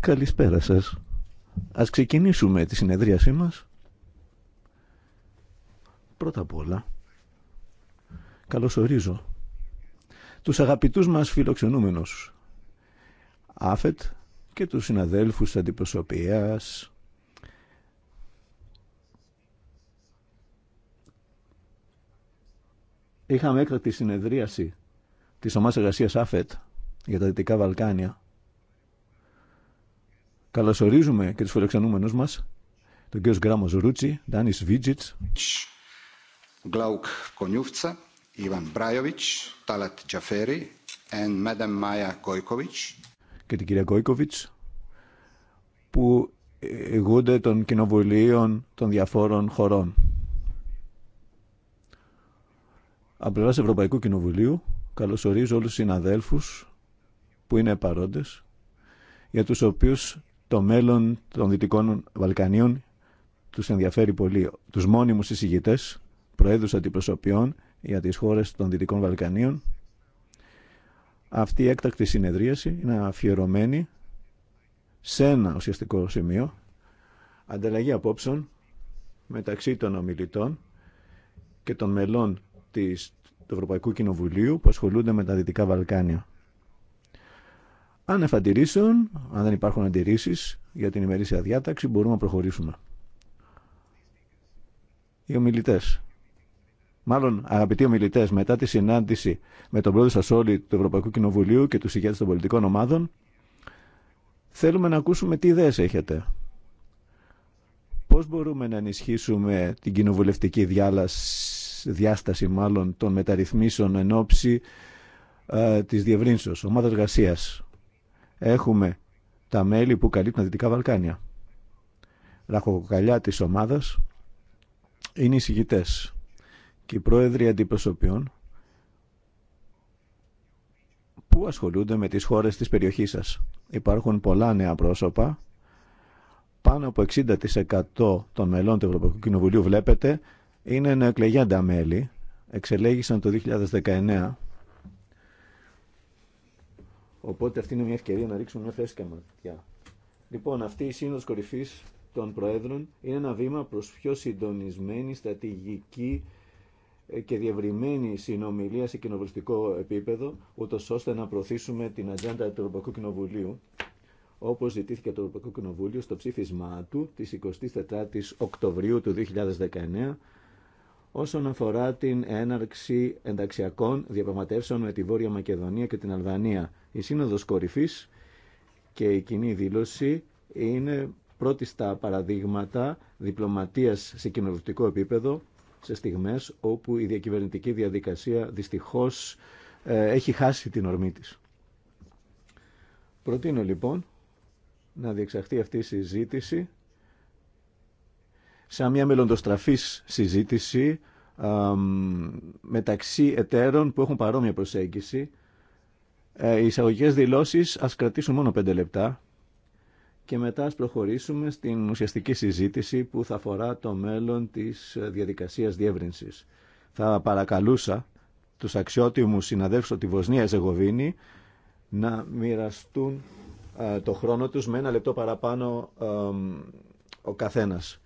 Καλησπέρα σας. Ας ξεκινήσουμε τη συνεδρίασή μας. Πρώτα απ' όλα, καλωσορίζω τους αγαπητούς μας φιλοξενούμενους, Άφετ και τους συναδέλφους αντιπροσωπείας, Είχαμε έκτακτη συνεδρίαση της ομάδας εργασίας ΑΦΕΤ για τα Δυτικά Βαλκάνια. Καλωσορίζουμε και τους φιλοξενούμενους μας, τον κύριο Γκράμο Ρούτσι, Ντάνις Βίτζιτς, Γκλάουκ Κονιούφτσα, Ιβαν Τάλατ Τζαφέρι και την κυρία Κόικοβιτ, που ηγούνται των κοινοβουλίων των διαφόρων χωρών. Από πλευράς Ευρωπαϊκού Κοινοβουλίου καλωσορίζω όλους τους συναδέλφους που είναι παρόντες, για τους οποίους το μέλλον των Δυτικών Βαλκανίων τους ενδιαφέρει πολύ. Τους μόνιμους εισηγητές, προέδρους αντιπροσωπιών για τις χώρες των Δυτικών Βαλκανίων. Αυτή η έκτακτη συνεδρίαση είναι αφιερωμένη σε ένα ουσιαστικό σημείο, ανταλλαγή απόψεων μεταξύ των ομιλητών και των μελών της, του Ευρωπαϊκού Κοινοβουλίου που ασχολούνται με τα Δυτικά Βαλκάνια. Αν εφαντηρήσεων, αν δεν υπάρχουν αντιρρήσει για την ημερήσια διάταξη, μπορούμε να προχωρήσουμε. Οι ομιλητέ. Μάλλον, αγαπητοί ομιλητέ, μετά τη συνάντηση με τον πρόεδρο Σασόλη του Ευρωπαϊκού Κοινοβουλίου και του ηγέτε των πολιτικών ομάδων, θέλουμε να ακούσουμε τι ιδέε έχετε. Πώ μπορούμε να ενισχύσουμε την κοινοβουλευτική διάλαση, διάσταση μάλλον των μεταρρυθμίσεων εν ώψη ε, της διευρύνσεως, ομάδας εργασία Έχουμε τα μέλη που καλύπτουν τα Δυτικά Βαλκάνια. Ραχοκοκαλιά της ομάδας είναι οι συγητές και οι πρόεδροι αντιπροσωπιών που ασχολούνται με τις χώρες της περιοχής σας. Υπάρχουν πολλά νέα πρόσωπα. Πάνω από 60% των μελών του Ευρωπαϊκού Κοινοβουλίου βλέπετε είναι νεοεκλεγέντα μέλη. Εξελέγησαν το 2019 Οπότε αυτή είναι μια ευκαιρία να ρίξουμε μια φρέσκα ματιά. Λοιπόν, αυτή η σύνοδος κορυφής των Προέδρων είναι ένα βήμα προς πιο συντονισμένη, στρατηγική ε, και διευρυμένη συνομιλία σε κοινοβουλευτικό επίπεδο, ούτω ώστε να προωθήσουμε την ατζέντα του Ευρωπαϊκού Κοινοβουλίου, όπω ζητήθηκε το Ευρωπαϊκό Κοινοβούλιο στο ψήφισμά του τη 24η Οκτωβρίου του 2019 όσον αφορά την έναρξη ενταξιακών διαπραγματεύσεων με τη Βόρεια Μακεδονία και την Αλβανία. Η Σύνοδος Κορυφής και η κοινή δήλωση είναι πρώτη στα παραδείγματα διπλωματίας σε κοινοβουλευτικό επίπεδο σε στιγμές όπου η διακυβερνητική διαδικασία δυστυχώς ε, έχει χάσει την ορμή της. Προτείνω λοιπόν να διεξαχθεί αυτή η συζήτηση σαν μια μελλοντοστραφής συζήτηση μεταξύ εταίρων που έχουν παρόμοια προσέγγιση. Ε, οι εισαγωγικέ δηλώσεις ας κρατήσουν μόνο πέντε λεπτά και μετά ας προχωρήσουμε στην ουσιαστική συζήτηση που θα αφορά το μέλλον της διαδικασίας διεύρυνσης. Θα παρακαλούσα τους αξιότιμους συναδέλφους από τη Βοσνία Ζεγοβίνη να μοιραστούν ε, το χρόνο τους με ένα λεπτό παραπάνω ο καθένας.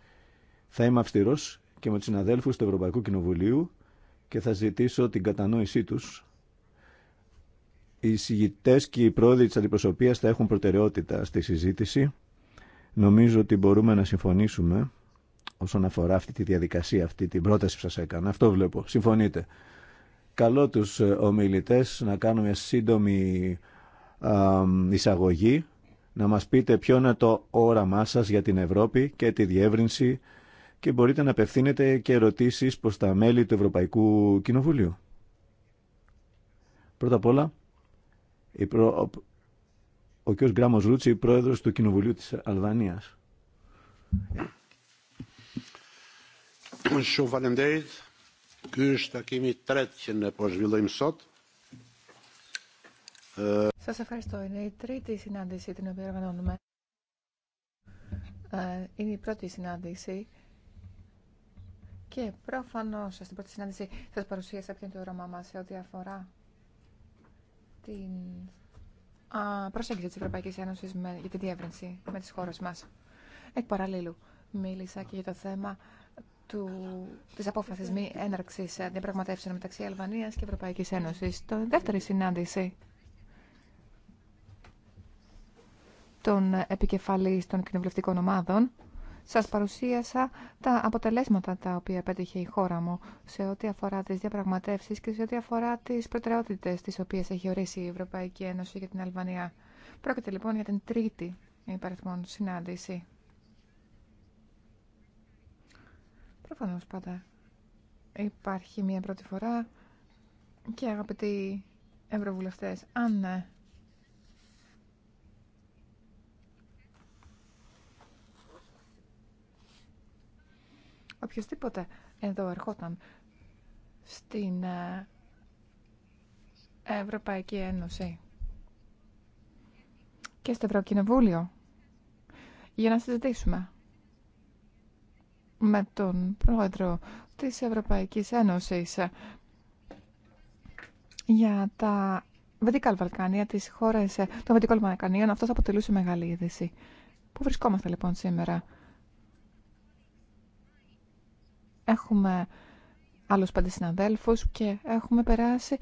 Θα είμαι αυστηρό και με του συναδέλφου του Ευρωπαϊκού Κοινοβουλίου και θα ζητήσω την κατανόησή τους. Οι συγητέ και οι πρόεδροι της αντιπροσωπείας θα έχουν προτεραιότητα στη συζήτηση. Νομίζω ότι μπορούμε να συμφωνήσουμε όσον αφορά αυτή τη διαδικασία, αυτή την πρόταση που σας έκανα. Αυτό βλέπω. Συμφωνείτε. Καλό τους ε, ομιλητές να κάνουμε σύντομη εισαγωγή, να μας πείτε ποιο είναι το όραμά σας για την Ευρώπη και τη διεύρυνση και μπορείτε να απευθύνετε και ερωτήσεις προς τα μέλη του Ευρωπαϊκού Κοινοβουλίου. Πρώτα απ' όλα, ο κ. Γκράμος Ρούτσι, πρόεδρος του Κοινοβουλίου της Αλβανίας. Σας ευχαριστώ. Είναι η τρίτη συνάντηση την οποία οργανώνουμε. Ε, είναι η πρώτη συνάντηση και προφανώ στην πρώτη συνάντηση σα παρουσίασα ποιο είναι το όραμά μα σε ό,τι αφορά την α, προσέγγιση τη Ευρωπαϊκή Ένωση για τη διεύρυνση με τι χώρε μα. Εκ παραλίλου μίλησα και για το θέμα τη της απόφασης μη έναρξης διαπραγματεύσεων μεταξύ Αλβανίας και Ευρωπαϊκής Ένωσης. Το δεύτερη συνάντηση των επικεφαλής των κοινοβουλευτικών ομάδων σας παρουσίασα τα αποτελέσματα τα οποία πέτυχε η χώρα μου σε ό,τι αφορά τις διαπραγματεύσεις και σε ό,τι αφορά τις προτεραιότητες τις οποίες έχει ορίσει η Ευρωπαϊκή Ένωση για την Αλβανία. Πρόκειται λοιπόν για την τρίτη υπαριθμόν συνάντηση. Προφανώς πάντα υπάρχει μία πρώτη φορά και αγαπητοί ευρωβουλευτές, αν ναι, οποιοδήποτε εδώ ερχόταν στην ε, Ευρωπαϊκή Ένωση και στο Ευρωκοινοβούλιο για να συζητήσουμε με τον Πρόεδρο της Ευρωπαϊκής Ένωσης για τα Βεντικά Βαλκάνια, τις χώρες των Βεντικών Βαλκανίων. Αυτός αποτελούσε μεγάλη είδηση. Πού βρισκόμαστε λοιπόν σήμερα. Έχουμε άλλους πέντε συναδέλφους και έχουμε περάσει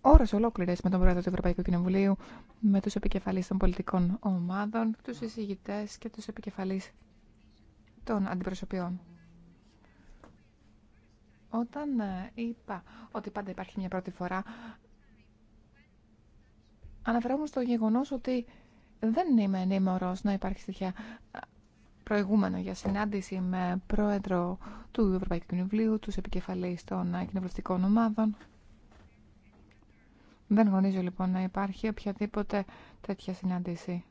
ώρες ολόκληρες με τον Πρόεδρο του Ευρωπαϊκού Κοινοβουλίου, με τους επικεφαλείς των πολιτικών ομάδων, τους εισηγητές και τους επικεφαλείς των αντιπροσωπιών. Όταν ε, είπα ότι πάντα υπάρχει μια πρώτη φορά, αναφερόμουν στο γεγονός ότι δεν είμαι ενήμερος να υπάρχει στοιχεία προηγούμενο για συνάντηση με πρόεδρο του Ευρωπαϊκού Κοινοβουλίου, τους επικεφαλείς των κοινοβουλευτικών ομάδων. Δεν γνωρίζω λοιπόν να υπάρχει οποιαδήποτε τέτοια συνάντηση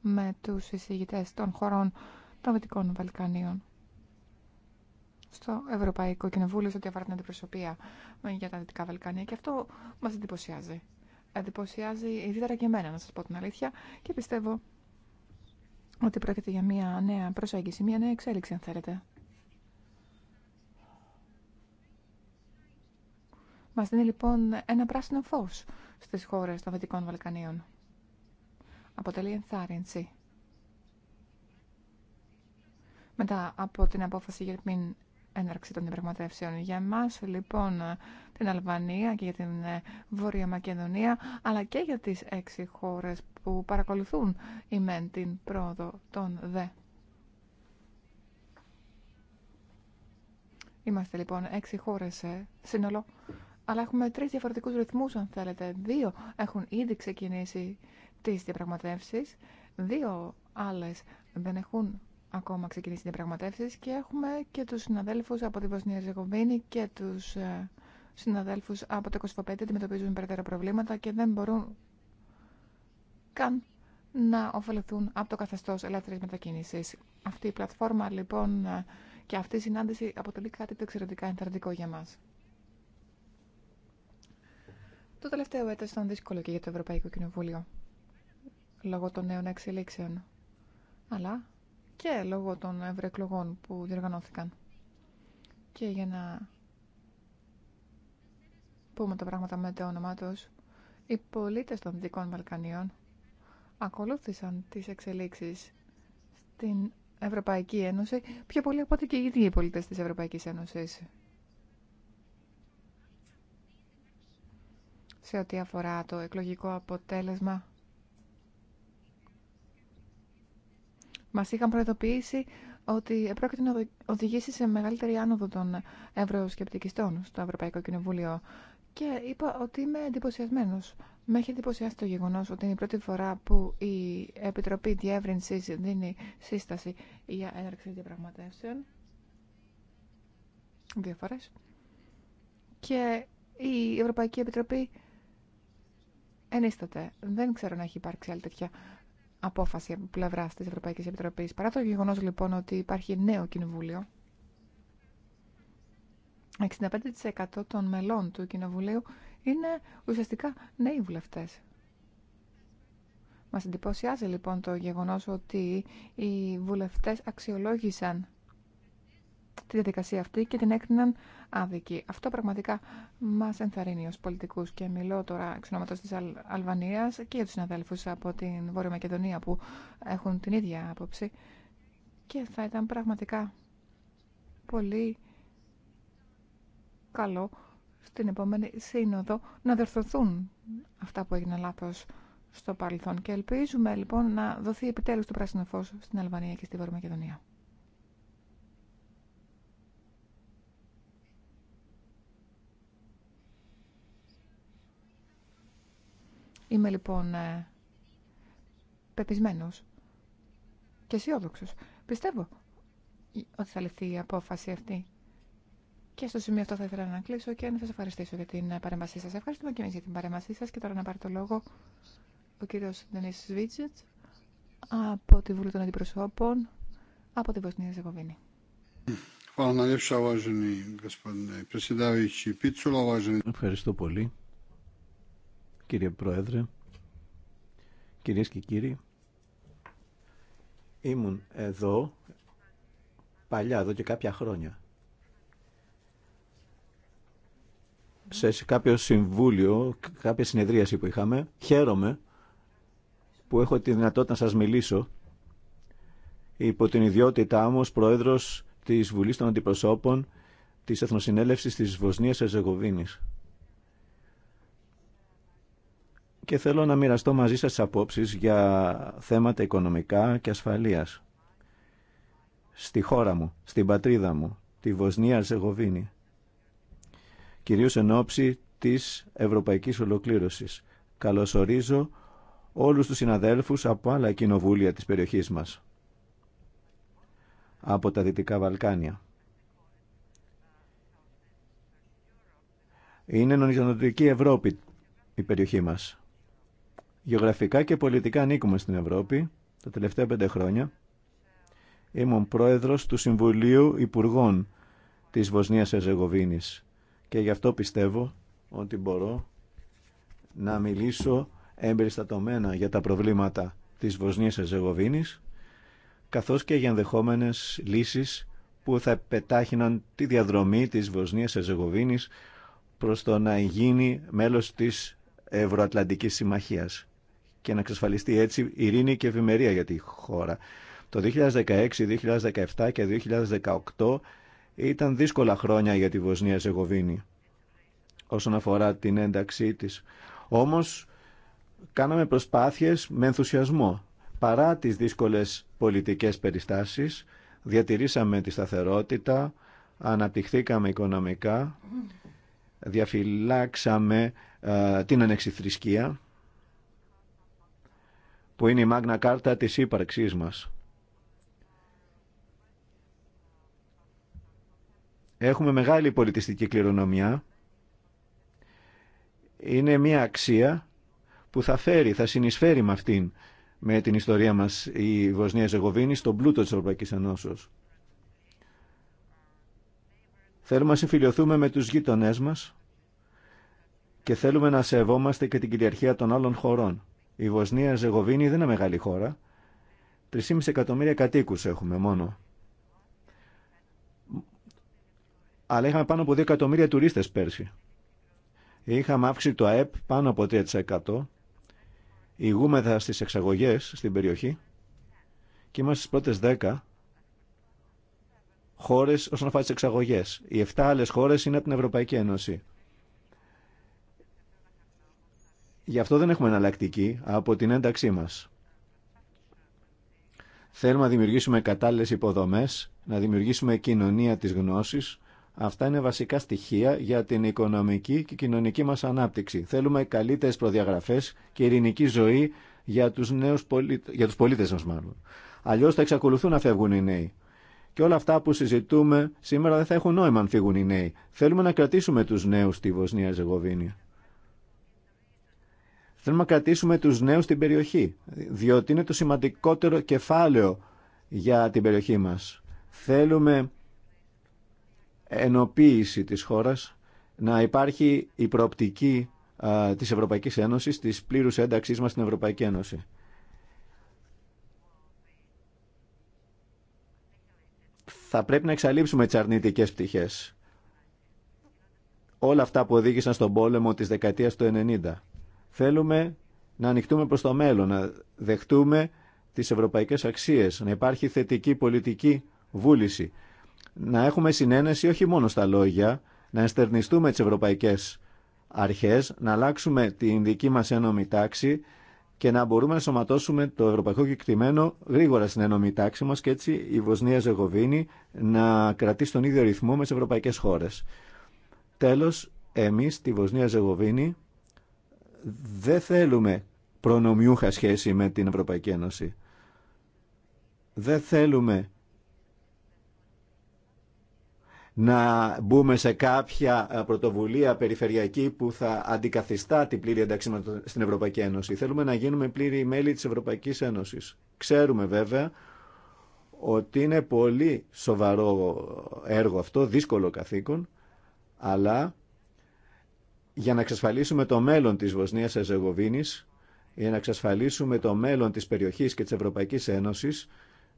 με τους εισηγητές των χωρών των Δυτικών Βαλκανίων στο Ευρωπαϊκό Κοινοβούλιο, σε ό,τι αφορά την αντιπροσωπεία για τα Δυτικά Βαλκάνια. Και αυτό μας εντυπωσιάζει. Εντυπωσιάζει ιδιαίτερα και εμένα, να σας πω την αλήθεια, και πιστεύω ότι πρόκειται για μια νέα προσέγγιση, μια νέα εξέλιξη αν θέλετε. Μας δίνει λοιπόν ένα πράσινο φως στις χώρες των Δυτικών Βαλκανίων. Αποτελεί ενθάρρυνση. Μετά από την απόφαση για την έναρξη των διαπραγματεύσεων. Για εμά, λοιπόν την Αλβανία και για την ε, Βόρεια Μακεδονία αλλά και για τις έξι χώρες που παρακολουθούν ΜΕΝ την πρόοδο των ΔΕ. Είμαστε λοιπόν έξι χώρε ε, σύνολο αλλά έχουμε τρεις διαφορετικούς ρυθμού αν θέλετε. Δύο έχουν ήδη ξεκινήσει τις διαπραγματεύσει, δύο άλλες δεν έχουν ακόμα ξεκινήσει την πραγματεύσεις και έχουμε και τους συναδέλφους από τη Βοσνία Ζεγοβίνη και τους ε, συναδέλφους από το 25 αντιμετωπίζουν περαιτέρω προβλήματα και δεν μπορούν καν να ωφεληθούν από το καθεστώς ελεύθερη μετακίνηση. Αυτή η πλατφόρμα λοιπόν ε, και αυτή η συνάντηση αποτελεί κάτι το εξαιρετικά ενθαρρυντικό για μας. Το τελευταίο έτος ήταν δύσκολο και για το Ευρωπαϊκό Κοινοβούλιο λόγω των νέων εξελίξεων. Αλλά και λόγω των ευρωεκλογών που διοργανώθηκαν. Και για να πούμε τα πράγματα με το όνομά τους, οι πολίτες των Δυτικών Βαλκανίων ακολούθησαν τις εξελίξεις στην Ευρωπαϊκή Ένωση πιο πολύ από ό,τι και οι ίδιοι οι πολίτες της Ευρωπαϊκής Ένωσης. Σε ό,τι αφορά το εκλογικό αποτέλεσμα Μα είχαν προειδοποιήσει ότι πρόκειται να οδηγήσει σε μεγαλύτερη άνοδο των ευρωσκεπτικιστών στο Ευρωπαϊκό Κοινοβούλιο. Και είπα ότι είμαι εντυπωσιασμένο. Με έχει εντυπωσιάσει το γεγονό ότι είναι η πρώτη φορά που η Επιτροπή Διεύρυνση δίνει σύσταση για έναρξη διαπραγματεύσεων. Δύο φορέ. Και η Ευρωπαϊκή Επιτροπή ενίσταται. Δεν ξέρω να έχει υπάρξει άλλη τέτοια απόφαση από πλευρά τη Ευρωπαϊκή Επιτροπή. Παρά το γεγονό λοιπόν ότι υπάρχει νέο κοινοβούλιο, 65% των μελών του κοινοβουλίου είναι ουσιαστικά νέοι βουλευτέ. Μα εντυπωσιάζει λοιπόν το γεγονό ότι οι βουλευτέ αξιολόγησαν τη διαδικασία αυτή και την έκριναν άδικη. Αυτό πραγματικά μα ενθαρρύνει ω πολιτικού και μιλώ τώρα εξ ονόματο τη Αλ Αλβανία και για του συναδέλφου από την Βόρεια Μακεδονία που έχουν την ίδια άποψη. Και θα ήταν πραγματικά πολύ καλό στην επόμενη σύνοδο να διορθωθούν αυτά που έγιναν λάθος στο παρελθόν. Και ελπίζουμε λοιπόν να δοθεί επιτέλους το πράσινο φως στην Αλβανία και στη Βόρεια Μακεδονία. Είμαι λοιπόν ε, πεπισμένος και αισιόδοξο. Πιστεύω ότι θα ληφθεί η απόφαση αυτή. Και στο σημείο αυτό θα ήθελα να κλείσω και να σα ευχαριστήσω για την ε, παρέμβασή σα. Ευχαριστούμε και εμεί για την παρέμβασή σα και τώρα να πάρει το λόγο ο κύριο Ντενίς Σβίτζετ από τη Βουλή των Αντιπροσώπων από τη Βοσνία Ζεγοβίνη. Ευχαριστώ πολύ κύριε Πρόεδρε, κυρίες και κύριοι. Ήμουν εδώ παλιά, εδώ και κάποια χρόνια. Σε κάποιο συμβούλιο, κάποια συνεδρίαση που είχαμε, χαίρομαι που έχω τη δυνατότητα να σας μιλήσω υπό την ιδιότητά μου ως Πρόεδρος της Βουλής των Αντιπροσώπων της Εθνοσυνέλευσης της Βοσνίας Ερζεγοβίνης. και θέλω να μοιραστώ μαζί σας τις απόψεις για θέματα οικονομικά και ασφαλείας. Στη χώρα μου, στην πατρίδα μου, τη Βοσνία Αρσεγοβίνη. Κυρίως εν ώψη της ευρωπαϊκής ολοκλήρωσης. Καλωσορίζω όλους τους συναδέλφους από άλλα κοινοβούλια της περιοχής μας. Από τα Δυτικά Βαλκάνια. Είναι νοτιοδυτική Ευρώπη η περιοχή μας. Γεωγραφικά και πολιτικά ανήκουμε στην Ευρώπη τα τελευταία πέντε χρόνια. Ήμουν πρόεδρος του Συμβουλίου Υπουργών της Βοσνίας Εζεγοβίνης και γι' αυτό πιστεύω ότι μπορώ να μιλήσω εμπεριστατωμένα για τα προβλήματα της Βοσνίας Εζεγοβίνης καθώς και για ενδεχόμενες λύσεις που θα πετάχυναν τη διαδρομή της Βοσνίας Εζεγοβίνης προς το να γίνει μέλος της Ευρωατλαντικής Συμμαχίας και να εξασφαλιστεί έτσι ειρήνη και ευημερία για τη χώρα. Το 2016, 2017 και 2018 ήταν δύσκολα χρόνια για τη Βοσνία Ζεγοβίνη όσον αφορά την ένταξή της. Όμως κάναμε προσπάθειες με ενθουσιασμό. Παρά τις δύσκολες πολιτικές περιστάσεις, διατηρήσαμε τη σταθερότητα, αναπτυχθήκαμε οικονομικά, διαφυλάξαμε ε, την ανεξιθρησκεία που είναι η μάγνα κάρτα της ύπαρξής μας. Έχουμε μεγάλη πολιτιστική κληρονομιά. Είναι μια αξία που θα φέρει, θα συνεισφέρει με αυτήν, με την ιστορία μας η Βοσνία Ζεγοβίνη, στον πλούτο της Ευρωπαϊκής Ενώσεως. Θέλουμε να συμφιλειωθούμε με τους γείτονές μας και θέλουμε να σεβόμαστε και την κυριαρχία των άλλων χωρών. Η Βοσνία Ζεγοβίνη δεν είναι μεγάλη χώρα. 3,5 εκατομμύρια κατοίκου έχουμε μόνο. Αλλά είχαμε πάνω από 2 εκατομμύρια τουρίστε πέρσι. Είχαμε αύξηση το ΑΕΠ πάνω από 3%. Υγούμεθα στι εξαγωγέ στην περιοχή. Και είμαστε στι πρώτε 10 χώρες όσον αφορά τις εξαγωγές. Οι 7 άλλες χώρες είναι από την Ευρωπαϊκή Ένωση. Γι' αυτό δεν έχουμε εναλλακτική από την ένταξή μας. Θέλουμε να δημιουργήσουμε κατάλληλες υποδομές, να δημιουργήσουμε κοινωνία της γνώσης. Αυτά είναι βασικά στοιχεία για την οικονομική και κοινωνική μας ανάπτυξη. Θέλουμε καλύτερες προδιαγραφές και ειρηνική ζωή για τους, νέους πολίτες, για τους πολίτες μας μάλλον. Αλλιώς θα εξακολουθούν να φεύγουν οι νέοι. Και όλα αυτά που συζητούμε σήμερα δεν θα έχουν νόημα αν φύγουν οι νέοι. Θέλουμε να κρατήσουμε τους νέους στη Βοσνία Ζεγοβίνη. Θέλουμε να κρατήσουμε τους νέους στην περιοχή, διότι είναι το σημαντικότερο κεφάλαιο για την περιοχή μας. Θέλουμε ενοποίηση της χώρας, να υπάρχει η προοπτική α, της Ευρωπαϊκής Ένωσης, της πλήρους ένταξής μας στην Ευρωπαϊκή Ένωση. Θα πρέπει να εξαλείψουμε τις αρνητικές πτυχές. Όλα αυτά που οδήγησαν στον πόλεμο της δεκαετίας του 90. Θέλουμε να ανοιχτούμε προς το μέλλον, να δεχτούμε τις ευρωπαϊκές αξίες, να υπάρχει θετική πολιτική βούληση, να έχουμε συνένεση όχι μόνο στα λόγια, να ενστερνιστούμε τις ευρωπαϊκές αρχές, να αλλάξουμε την δική μας ένωμη τάξη και να μπορούμε να σωματώσουμε το ευρωπαϊκό κεκτημένο γρήγορα στην ένωμη τάξη μας και έτσι η Βοσνία Ζεγοβίνη να κρατήσει τον ίδιο ρυθμό με τις ευρωπαϊκές χώρες. Τέλος, εμείς τη Βοσνία Ζεγοβίνη δεν θέλουμε προνομιούχα σχέση με την Ευρωπαϊκή Ένωση. Δεν θέλουμε να μπούμε σε κάποια ε, πρωτοβουλία περιφερειακή που θα αντικαθιστά την πλήρη ένταξη στην Ευρωπαϊκή Ένωση. Θέλουμε να γίνουμε πλήρη μέλη της Ευρωπαϊκής Ένωσης. Ξέρουμε βέβαια ότι είναι πολύ σοβαρό έργο αυτό, δύσκολο καθήκον, αλλά για να εξασφαλίσουμε το μέλλον της Βοσνίας αζεγοβινης για να εξασφαλίσουμε το μέλλον της περιοχής και της Ευρωπαϊκής Ένωσης,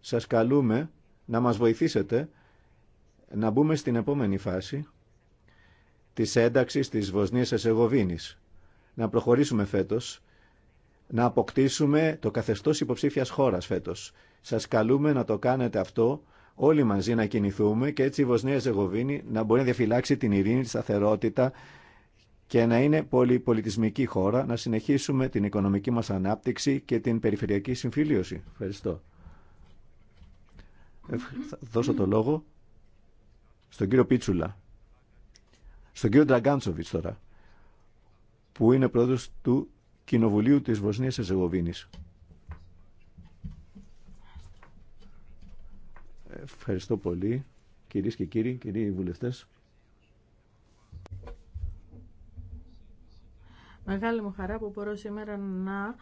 σας καλούμε να μας βοηθήσετε να μπούμε στην επόμενη φάση της ένταξης της Βοσνίας αζεγοβινης Να προχωρήσουμε φέτος, να αποκτήσουμε το καθεστώς υποψήφιας χώρας φέτος. Σας καλούμε να το κάνετε αυτό όλοι μαζί να κινηθούμε και έτσι η Βοσνία Ζεγοβίνη να μπορεί να διαφυλάξει την ειρήνη, τη σταθερότητα και να είναι πολυπολιτισμική χώρα, να συνεχίσουμε την οικονομική μας ανάπτυξη και την περιφερειακή συμφιλίωση. Ευχαριστώ. Θα δώσω το λόγο στον κύριο Πίτσουλα, στον κύριο Ντραγκάντσοβιτς τώρα, που είναι πρόεδρος του Κοινοβουλίου της Βοσνίας Εζεγοβίνης. Ευχαριστώ πολύ, κυρίες και κύριοι, κυρίοι βουλευτές. Μεγάλη μου χαρά που μπορώ σήμερα να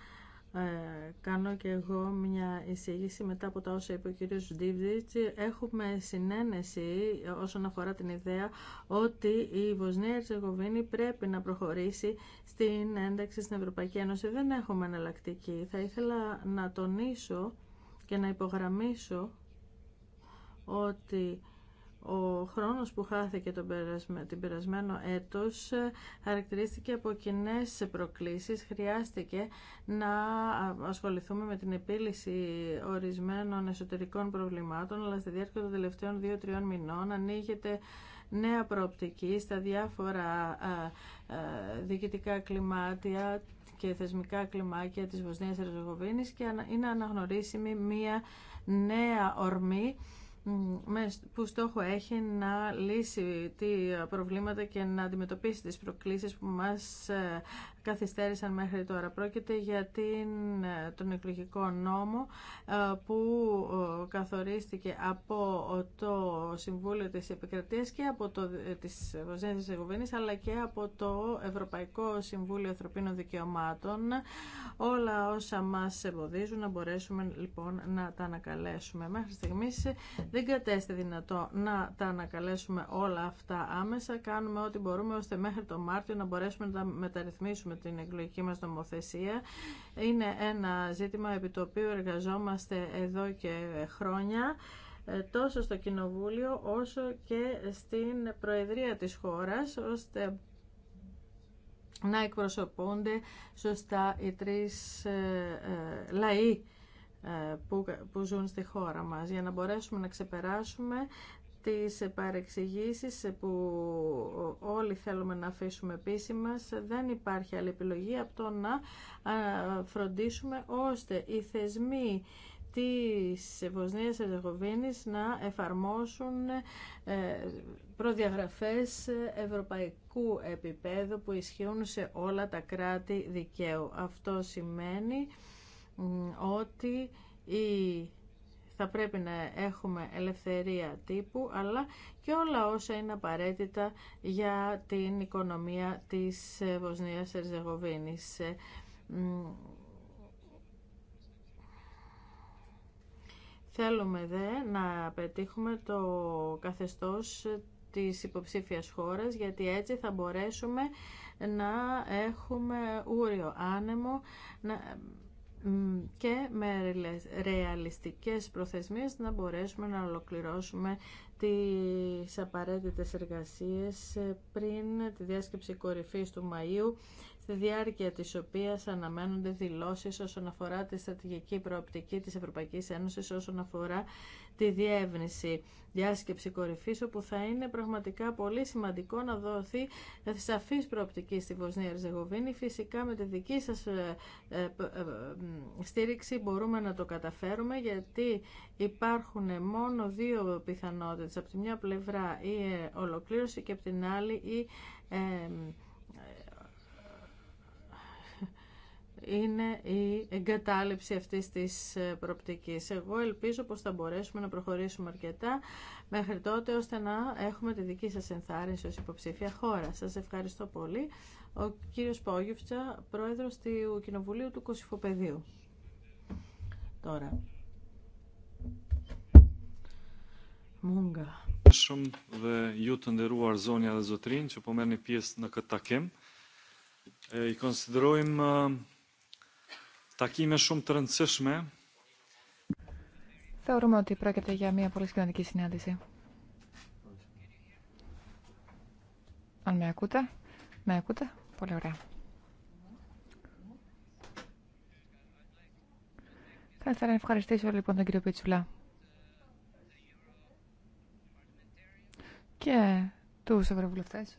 ε, κάνω και εγώ μια εισήγηση μετά από τα όσα είπε ο κ. Έχουμε συνένεση όσον αφορά την ιδέα ότι η Βοσνία πρέπει να προχωρήσει στην ένταξη στην Ευρωπαϊκή Ένωση. Δεν έχουμε εναλλακτική. Θα ήθελα να τονίσω και να υπογραμμίσω ότι ο χρόνος που χάθηκε τον την περασμένο έτος ε, χαρακτηρίστηκε από κοινέ προκλήσεις. Χρειάστηκε να ασχοληθούμε με την επίλυση ορισμένων εσωτερικών προβλημάτων, αλλά στη διάρκεια των τελευταίων δύο-τριών μηνών ανοίγεται νέα προοπτική στα διάφορα διοικητικά κλιμάτια και θεσμικά κλιμάκια της Βοσνίας Ερζεγοβίνης και είναι αναγνωρίσιμη μία νέα ορμή που στόχο έχει να λύσει τι ε, προβλήματα και να αντιμετωπίσει τις προκλήσεις που μας ε, καθυστέρησαν μέχρι τώρα. Πρόκειται για την, ε, τον εκλογικό νόμο ε, που ε, καθορίστηκε από το Συμβούλιο της Επικρατείας και από το, της Βοσνίας αλλά και από το Ευρωπαϊκό Συμβούλιο Ανθρωπίνων Δικαιωμάτων. Όλα όσα μας εμποδίζουν να μπορέσουμε λοιπόν να τα ανακαλέσουμε. Μέχρι στιγμής δεν κατέστη δυνατό να τα ανακαλέσουμε όλα αυτά άμεσα. Κάνουμε ό,τι μπορούμε ώστε μέχρι το Μάρτιο να μπορέσουμε να τα μεταρρυθμίσουμε με την εκλογική μας νομοθεσία. Είναι ένα ζήτημα επί το οποίο εργαζόμαστε εδώ και χρόνια ε, τόσο στο Κοινοβούλιο όσο και στην Προεδρία της χώρας, ώστε να εκπροσωπούνται σωστά οι τρεις ε, ε, λαοί που ζουν στη χώρα μας για να μπορέσουμε να ξεπεράσουμε τις παρεξηγήσεις που όλοι θέλουμε να αφήσουμε πίσω μας δεν υπάρχει άλλη επιλογή από το να φροντίσουμε ώστε οι θεσμοί της Βοσνίας Ερζεγοβίνης να εφαρμόσουν ε, προδιαγραφές ευρωπαϊκού επίπεδου που ισχύουν σε όλα τα κράτη δικαίου. Αυτό σημαίνει ότι η θα πρέπει να έχουμε ελευθερία τύπου, αλλά και όλα όσα είναι απαραίτητα για την οικονομία της ε, Βοσνίας Ερζεγοβίνης. Ε, θέλουμε δε να πετύχουμε το καθεστώς της υποψήφιας χώρας, γιατί έτσι θα μπορέσουμε να έχουμε ούριο άνεμο, και με ρεαλιστικές προθεσμίες να μπορέσουμε να ολοκληρώσουμε τις απαραίτητες εργασίες ε, πριν τη διάσκεψη κορυφής του Μαΐου τη διάρκεια της οποίας αναμένονται δηλώσεις όσον αφορά τη στρατηγική προοπτική της Ευρωπαϊκής Ένωσης όσον αφορά τη διεύνηση διάσκεψη κορυφής όπου θα είναι πραγματικά πολύ σημαντικό να δοθεί σαφής προοπτική στη Βοσνία Ριζεγοβίνη. Φυσικά με τη δική σας ε, ε, ε, στήριξη μπορούμε να το καταφέρουμε γιατί υπάρχουν μόνο δύο πιθανότητες. Από τη μια πλευρά η ολοκλήρωση και από την άλλη η είναι η εγκατάλειψη αυτής της ε, προπτικής. Εγώ ελπίζω πως θα μπορέσουμε να προχωρήσουμε αρκετά μέχρι τότε ώστε να έχουμε τη δική σας ενθάρρυνση ως υποψήφια χώρα. Σας ευχαριστώ πολύ. Ο κύριος Πόγιουφτσα, πρόεδρος του Κοινοβουλίου του Κωσυφοπεδίου. Τώρα. Μούγκα. dhe takime Θεωρούμε ότι πρόκειται για μια πολύ σημαντική συνάντηση. Αν με ακούτε, με ακούτε, πολύ ωραία. Θα ήθελα να ευχαριστήσω λοιπόν τον κύριο Πιτσουλά και τους ευρωβουλευτές.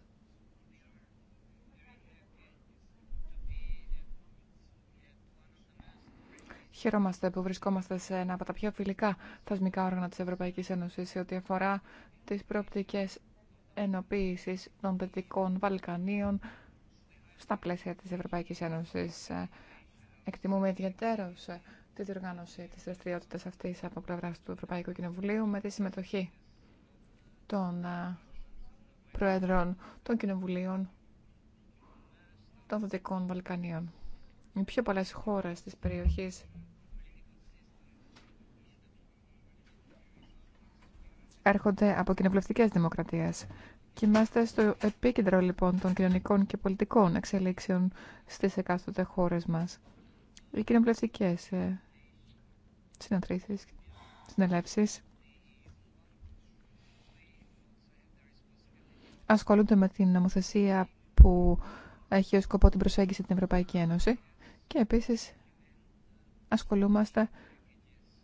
Χαιρόμαστε που βρισκόμαστε σε ένα από τα πιο φιλικά θεσμικά όργανα της Ευρωπαϊκής Ένωσης σε ό,τι αφορά τις προοπτικές ενοποίησης των Δυτικών Βαλκανίων στα πλαίσια της Ευρωπαϊκής Ένωσης. Εκτιμούμε ιδιαίτερως τη διοργάνωση της δραστηριότητα αυτής από πλευρά του Ευρωπαϊκού Κοινοβουλίου με τη συμμετοχή των ε, Προέδρων των Κοινοβουλίων των Δυτικών Βαλκανίων. Οι πιο πολλές χώρες της περιοχής έρχονται από κοινοβουλευτικέ δημοκρατίε. Και είμαστε στο επίκεντρο λοιπόν των κοινωνικών και πολιτικών εξελίξεων στι εκάστοτε χώρε μα. Οι κοινοβουλευτικέ ε, συναντρήσει, συνελεύσει. Ασχολούνται με την νομοθεσία που έχει ως σκοπό την προσέγγιση στην Ευρωπαϊκή Ένωση και επίσης ασχολούμαστε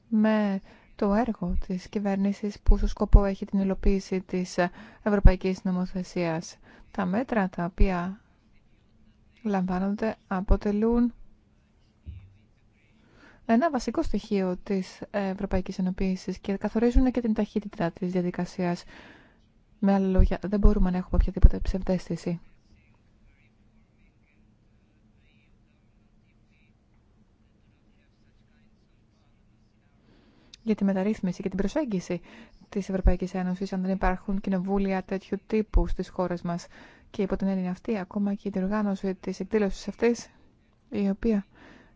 με το έργο της κυβέρνησης που στο σκοπό έχει την υλοποίηση της ευρωπαϊκής νομοθεσίας. Τα μέτρα τα οποία λαμβάνονται αποτελούν ένα βασικό στοιχείο της ευρωπαϊκής ενοποίησης και καθορίζουν και την ταχύτητα της διαδικασίας. Με άλλα λόγια, δεν μπορούμε να έχουμε οποιαδήποτε ψευδέστηση. για τη μεταρρύθμιση και την προσέγγιση τη Ευρωπαϊκή Ένωση, αν δεν υπάρχουν κοινοβούλια τέτοιου τύπου στι χώρε μα Και υπό την έννοια αυτή, ακόμα και η διοργάνωση τη εκδήλωση αυτή, η οποία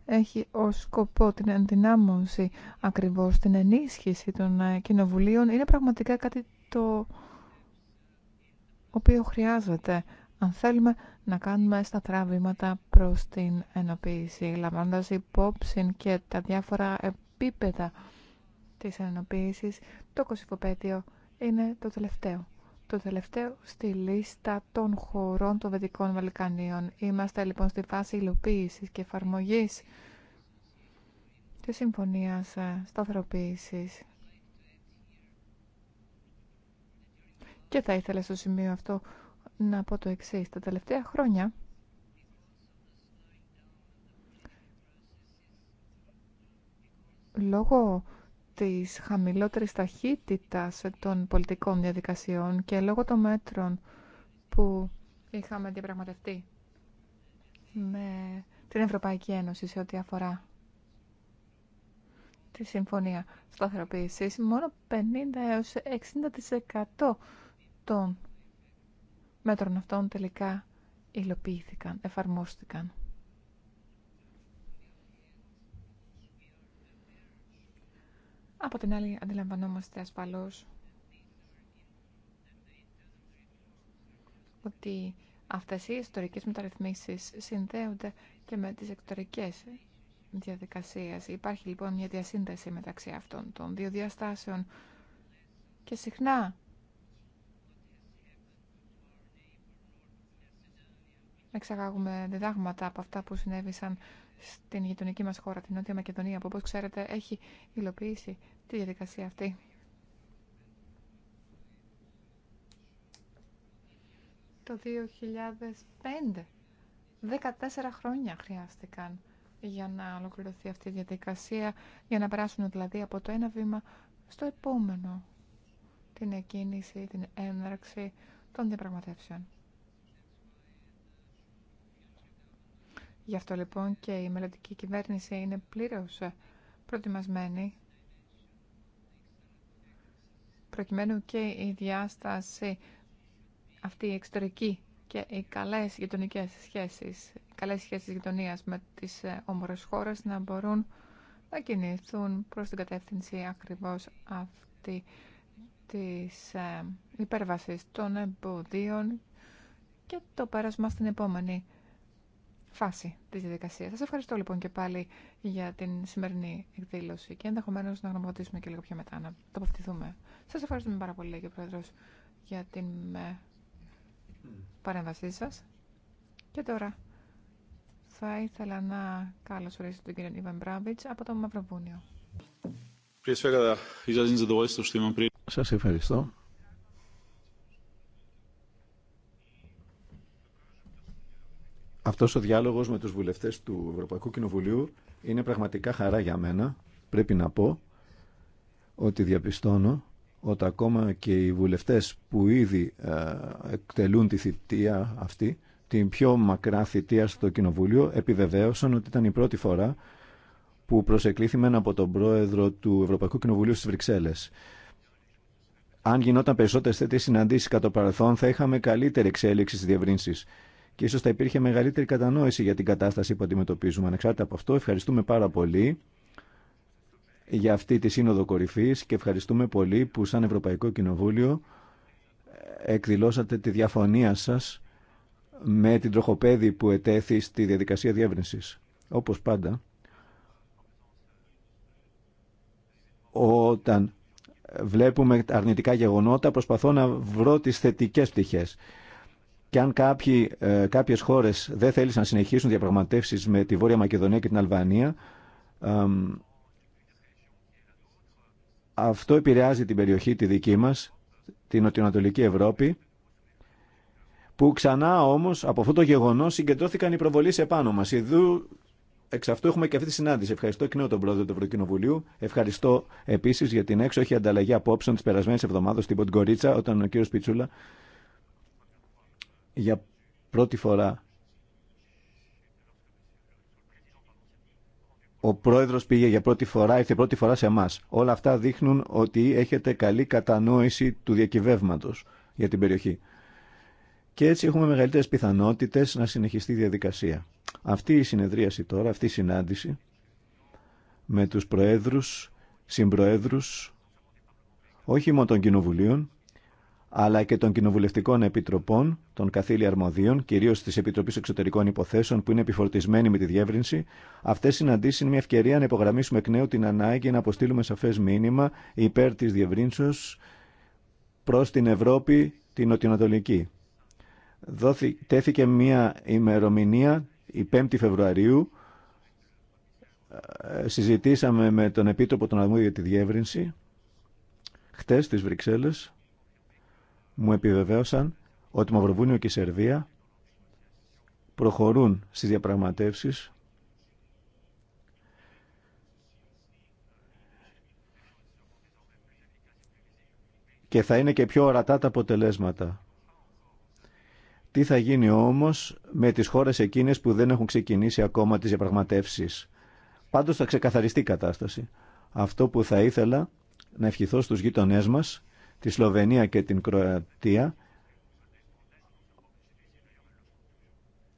έχει ω σκοπό την ενδυνάμωση, ακριβώ, την ενίσχυση των ε, κοινοβουλίων, είναι πραγματικά κάτι το οποίο χρειάζεται αν θέλουμε να κάνουμε σταθρά βήματα προς την ενοποίηση, λαμβάνοντα υπόψη και τα διάφορα επίπεδα της ενοποίησης, το κοσυφοπαίδιο είναι το τελευταίο. Το τελευταίο στη λίστα των χωρών των βεδικών Βαλκανίων. Είμαστε λοιπόν στη φάση υλοποίησης και εφαρμογής της Συμφωνίας ε, Σταθεροποίησης. Και θα ήθελα στο σημείο αυτό να πω το εξή. Τα τελευταία χρόνια λόγω της χαμηλότερης ταχύτητας των πολιτικών διαδικασιών και λόγω των μέτρων που είχαμε διαπραγματευτεί με την Ευρωπαϊκή Ένωση σε ό,τι αφορά τη Συμφωνία Σταθεροποίησης, μόνο 50 έως 60% των μέτρων αυτών τελικά υλοποιήθηκαν, εφαρμόστηκαν. Από την άλλη αντιλαμβανόμαστε ασφαλώς ότι αυτές οι ιστορικές μεταρρυθμίσεις συνδέονται και με τις εκτορικές διαδικασίες. Υπάρχει λοιπόν μια διασύνδεση μεταξύ αυτών των δύο διαστάσεων και συχνά εξαγάγουμε διδάγματα από αυτά που συνέβησαν στην γειτονική μας χώρα, την Νότια Μακεδονία, που όπως ξέρετε έχει υλοποιήσει τη διαδικασία αυτή. Το 2005, 14 χρόνια χρειάστηκαν για να ολοκληρωθεί αυτή η διαδικασία, για να περάσουν δηλαδή από το ένα βήμα στο επόμενο την εκκίνηση, την έναρξη των διαπραγματεύσεων. Γι' αυτό λοιπόν και η μελλοντική κυβέρνηση είναι πλήρως προετοιμασμένη προκειμένου και η διάσταση αυτή η εξωτερική και οι καλές γειτονικέ σχέσεις, οι καλές σχέσεις γειτονία με τις ε, όμορες χώρες να μπορούν να κινηθούν προς την κατεύθυνση ακριβώς αυτή της ε, υπέρβασης των εμποδίων και το πέρασμα στην επόμενη φάση τη διαδικασία. Σα ευχαριστώ λοιπόν και πάλι για την σημερινή εκδήλωση και ενδεχομένω να γνωμοδοτήσουμε και λίγο πιο μετά, να τοποθετηθούμε. Σα ευχαριστούμε πάρα πολύ, κύριε Πρόεδρο, για την ε, παρέμβασή σα. Και τώρα θα ήθελα να καλωσορίσω τον κύριο Ιβαν Μπράμπιτ από το Μαυροβούνιο. Σα ευχαριστώ. Αυτό ο διάλογο με του βουλευτέ του Ευρωπαϊκού Κοινοβουλίου είναι πραγματικά χαρά για μένα. Πρέπει να πω ότι διαπιστώνω ότι ακόμα και οι βουλευτές που ήδη ε, εκτελούν τη θητεία αυτή, την πιο μακρά θητεία στο Κοινοβούλιο, επιβεβαίωσαν ότι ήταν η πρώτη φορά που προσεκλήθημεν από τον πρόεδρο του Ευρωπαϊκού Κοινοβουλίου στις Βρυξέλλες. Αν γινόταν περισσότερε τέτοιε συναντήσει κατά το παρελθόν, θα είχαμε καλύτερη εξέλιξη στι διευρύνσει και ίσως θα υπήρχε μεγαλύτερη κατανόηση για την κατάσταση που αντιμετωπίζουμε. Ανεξάρτητα από αυτό, ευχαριστούμε πάρα πολύ για αυτή τη σύνοδο κορυφής και ευχαριστούμε πολύ που σαν Ευρωπαϊκό Κοινοβούλιο ε, εκδηλώσατε τη διαφωνία σας με την τροχοπέδη που ετέθη στη διαδικασία διεύρυνσης. Όπως πάντα, όταν βλέπουμε αρνητικά γεγονότα, προσπαθώ να βρω τις θετικές πτυχές. Και αν κάποιοι, ε, κάποιες χώρες δεν θέλησαν να συνεχίσουν διαπραγματεύσεις με τη Βόρεια Μακεδονία και την Αλβανία, αυτό επηρεάζει την περιοχή τη δική μας, την Νοτιοανατολική Ευρώπη, που ξανά όμως από αυτό το γεγονός συγκεντρώθηκαν οι προβολείς επάνω μας. Ειδού, εξ αυτού έχουμε και αυτή τη συνάντηση. Ευχαριστώ και νέο τον πρόεδρο του Ευρωκοινοβουλίου. Ευχαριστώ επίση για την έξοχη ανταλλαγή απόψεων τη περασμένη εβδομάδα στην Ποντγκορίτσα, όταν ο κ. Πιτσούλα για πρώτη φορά ο πρόεδρος πήγε για πρώτη φορά, ήρθε πρώτη φορά σε εμά. Όλα αυτά δείχνουν ότι έχετε καλή κατανόηση του διακυβεύματος για την περιοχή. Και έτσι έχουμε μεγαλύτερες πιθανότητες να συνεχιστεί η διαδικασία. Αυτή η συνεδρίαση τώρα, αυτή η συνάντηση με τους προέδρους, συμπροέδρους, όχι μόνο των κοινοβουλίων, αλλά και των κοινοβουλευτικών επιτροπών, των καθήλια αρμοδίων, κυρίω τη Επιτροπή Εξωτερικών Υποθέσεων, που είναι επιφορτισμένη με τη διεύρυνση, αυτέ οι συναντήσει είναι μια ευκαιρία να υπογραμμίσουμε εκ νέου την ανάγκη να αποστείλουμε σαφέ μήνυμα υπέρ τη διευρύνσεω προ την Ευρώπη την Νοτιοανατολική. Τέθηκε μια ημερομηνία η 5η Φεβρουαρίου. Ε, συζητήσαμε με τον Επίτροπο των Αρμόδιων για τη Διεύρυνση χτες στις Βρυξέλλες μου επιβεβαίωσαν ότι Μαυροβούνιο και η Σερβία προχωρούν στις διαπραγματεύσεις και θα είναι και πιο ορατά τα αποτελέσματα. Τι θα γίνει όμως με τις χώρες εκείνες που δεν έχουν ξεκινήσει ακόμα τις διαπραγματεύσεις. Πάντως θα ξεκαθαριστεί η κατάσταση. Αυτό που θα ήθελα να ευχηθώ στους γείτονές μας τη Σλοβενία και την Κροατία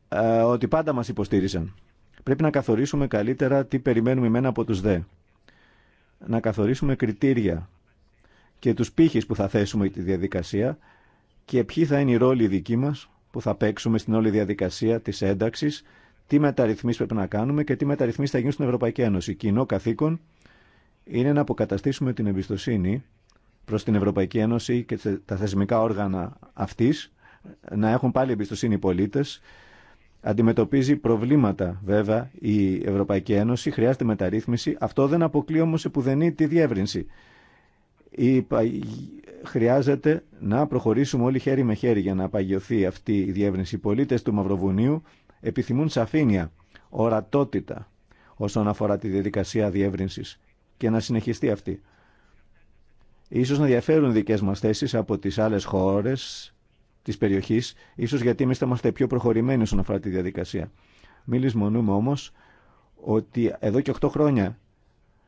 ε, ότι πάντα μας υποστήριζαν. Πρέπει να καθορίσουμε καλύτερα τι περιμένουμε μένα από τους δε. Να καθορίσουμε κριτήρια και τους πύχες που θα θέσουμε τη διαδικασία και ποιοι θα είναι οι ρόλοι δικοί μας που θα παίξουμε στην όλη διαδικασία της ένταξης, τι μεταρρυθμίσεις πρέπει να κάνουμε και τι μεταρρυθμίσεις θα γίνουν στην Ευρωπαϊκή Ένωση. Κοινό καθήκον είναι να αποκαταστήσουμε την εμπιστοσύνη Προ την Ευρωπαϊκή Ένωση και τα θεσμικά όργανα αυτής, να έχουν πάλι εμπιστοσύνη οι πολίτες. Αντιμετωπίζει προβλήματα βέβαια η Ευρωπαϊκή Ένωση, χρειάζεται μεταρρύθμιση. Αυτό δεν αποκλεί όμως επουδενή τη διεύρυνση. Χρειάζεται να προχωρήσουμε όλοι χέρι με χέρι για να απαγιωθεί αυτή η διεύρυνση. Οι πολίτε του Μαυροβουνίου επιθυμούν σαφήνεια, ορατότητα όσον αφορά τη διαδικασία διεύρυνση και να συνεχιστεί αυτή. Ίσως να διαφέρουν δικές μας θέσεις από τις άλλες χώρες της περιοχής, ίσως γιατί εμείς θα είμαστε πιο προχωρημένοι όσον αφορά τη διαδικασία. Μη λησμονούμε όμως ότι εδώ και 8 χρόνια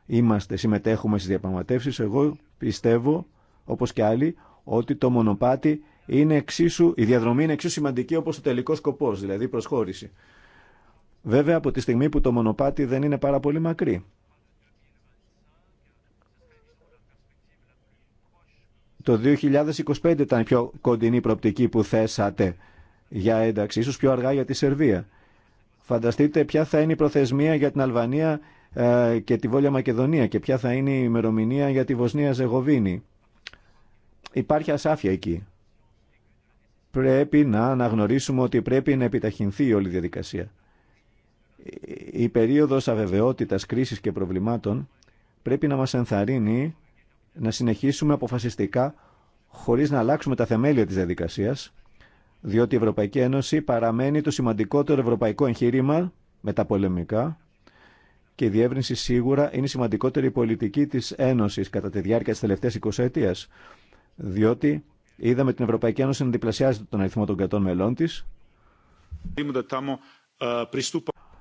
είμαστε, συμμετέχουμε στις διαπραγματεύσεις. Εγώ πιστεύω, όπως και άλλοι, ότι το μονοπάτι είναι εξίσου, η διαδρομή είναι εξίσου σημαντική όπως ο τελικός σκοπός, δηλαδή η προσχώρηση. Βέβαια από τη στιγμή που το μονοπάτι δεν είναι πάρα πολύ μακρύ. Το 2025 ήταν η πιο κοντινή προπτική που θέσατε για ένταξη, ίσως πιο αργά για τη Σερβία. Φανταστείτε ποια θα είναι η προθεσμία για την Αλβανία ε, και τη Βόλια Μακεδονία και ποια θα είναι η ημερομηνία για τη Βοσνία Ζεγοβίνη. Υπάρχει ασάφεια εκεί. Πρέπει να αναγνωρίσουμε ότι πρέπει να επιταχυνθεί όλη η διαδικασία. Η περίοδος αβεβαιότητας, κρίσης και προβλημάτων πρέπει να μας ενθαρρύνει να συνεχίσουμε αποφασιστικά χωρίς να αλλάξουμε τα θεμέλια της διαδικασίας, διότι η Ευρωπαϊκή Ένωση παραμένει το σημαντικότερο ευρωπαϊκό εγχείρημα με τα πολεμικά και η διεύρυνση σίγουρα είναι η σημαντικότερη πολιτική της Ένωσης κατά τη διάρκεια της τελευταίας 20 διότι είδαμε την Ευρωπαϊκή Ένωση να διπλασιάζεται τον αριθμό των κρατών μελών της.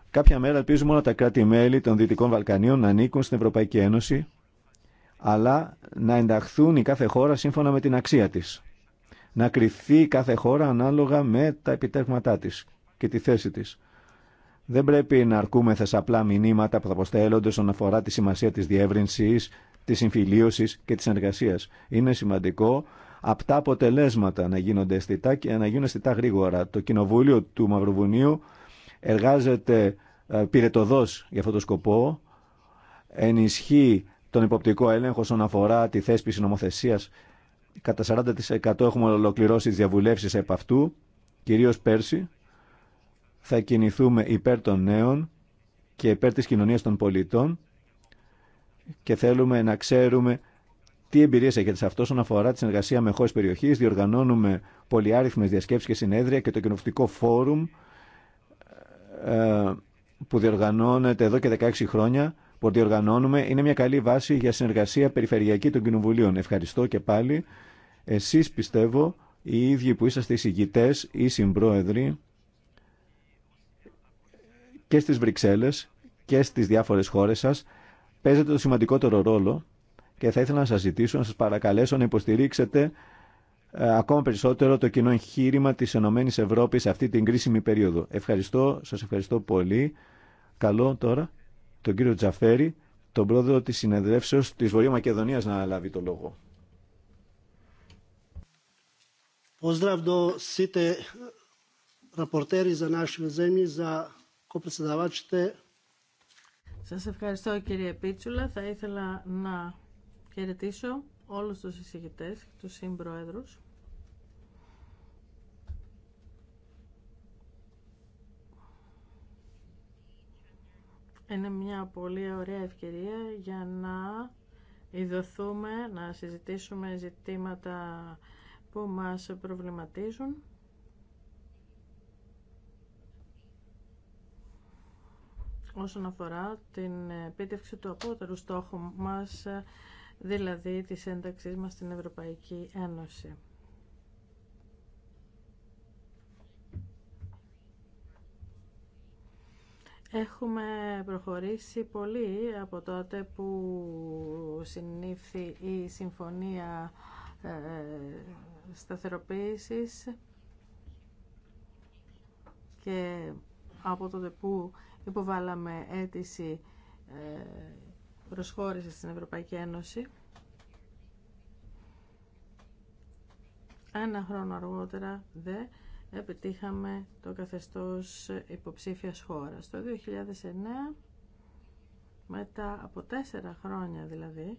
Κάποια μέρα ελπίζουμε όλα τα κράτη-μέλη των Δυτικών Βαλκανίων να ανήκουν στην Ευρωπαϊκή Ένωση αλλά να ενταχθούν η κάθε χώρα σύμφωνα με την αξία της. Να κριθεί κάθε χώρα ανάλογα με τα επιτεύγματά της και τη θέση της. Δεν πρέπει να αρκούμε απλά μηνύματα που θα αποστέλλονται στον αφορά τη σημασία της διεύρυνσης, της συμφιλίωσης και της εργασίας. Είναι σημαντικό απτά αποτελέσματα να γίνονται αισθητά και να γίνουν αισθητά γρήγορα. Το Κοινοβούλιο του Μαυροβουνίου εργάζεται ε, πυρετοδός για αυτό το σκοπό, ενισχύει τον υποπτικό έλεγχο όσον αφορά τη θέσπιση νομοθεσία. Κατά 40% έχουμε ολοκληρώσει τι διαβουλεύσει επ' αυτού, κυρίω πέρσι. Θα κινηθούμε υπέρ των νέων και υπέρ τη κοινωνία των πολιτών και θέλουμε να ξέρουμε τι εμπειρίε έχετε σε αυτό όσον αφορά τη συνεργασία με χώρε περιοχή. Διοργανώνουμε πολυάριθμε διασκέψει και συνέδρια και το κοινοβουλευτικό φόρουμ ε, που διοργανώνεται εδώ και 16 χρόνια που διοργανώνουμε είναι μια καλή βάση για συνεργασία περιφερειακή των κοινοβουλίων. Ευχαριστώ και πάλι. Εσείς πιστεύω οι ίδιοι που είσαστε εισηγητέ ή συμπρόεδροι και στις Βρυξέλλες και στις διάφορες χώρες σας παίζετε το σημαντικότερο ρόλο και θα ήθελα να σας ζητήσω, να σας παρακαλέσω να υποστηρίξετε ε, ακόμα περισσότερο το κοινό εγχείρημα της ΕΕ σε αυτή την κρίσιμη περίοδο. Ευχαριστώ, σας ευχαριστώ πολύ. Καλό τώρα τον κύριο Τζαφέρη, τον πρόεδρο της συνεδρεύσεως της Βορείου Μακεδονίας να λάβει το λόγο. Σας ευχαριστώ κύριε Πίτσουλα. Θα ήθελα να χαιρετήσω όλους τους εισηγητές και τους συμπροέδρους. Είναι μια πολύ ωραία ευκαιρία για να ειδωθούμε, να συζητήσουμε ζητήματα που μας προβληματίζουν. όσον αφορά την επίτευξη του απότερου στόχου μας, δηλαδή της ένταξής μας στην Ευρωπαϊκή Ένωση. Έχουμε προχωρήσει πολύ από τότε που συνήθη η Συμφωνία ε, Σταθεροποίησης και από τότε που υποβάλαμε αίτηση ε, προσχώρηση στην Ευρωπαϊκή Ένωση. Ένα χρόνο αργότερα δε επιτύχαμε το καθεστώς υποψήφιας χώρας. Το 2009, μετά από τέσσερα χρόνια δηλαδή,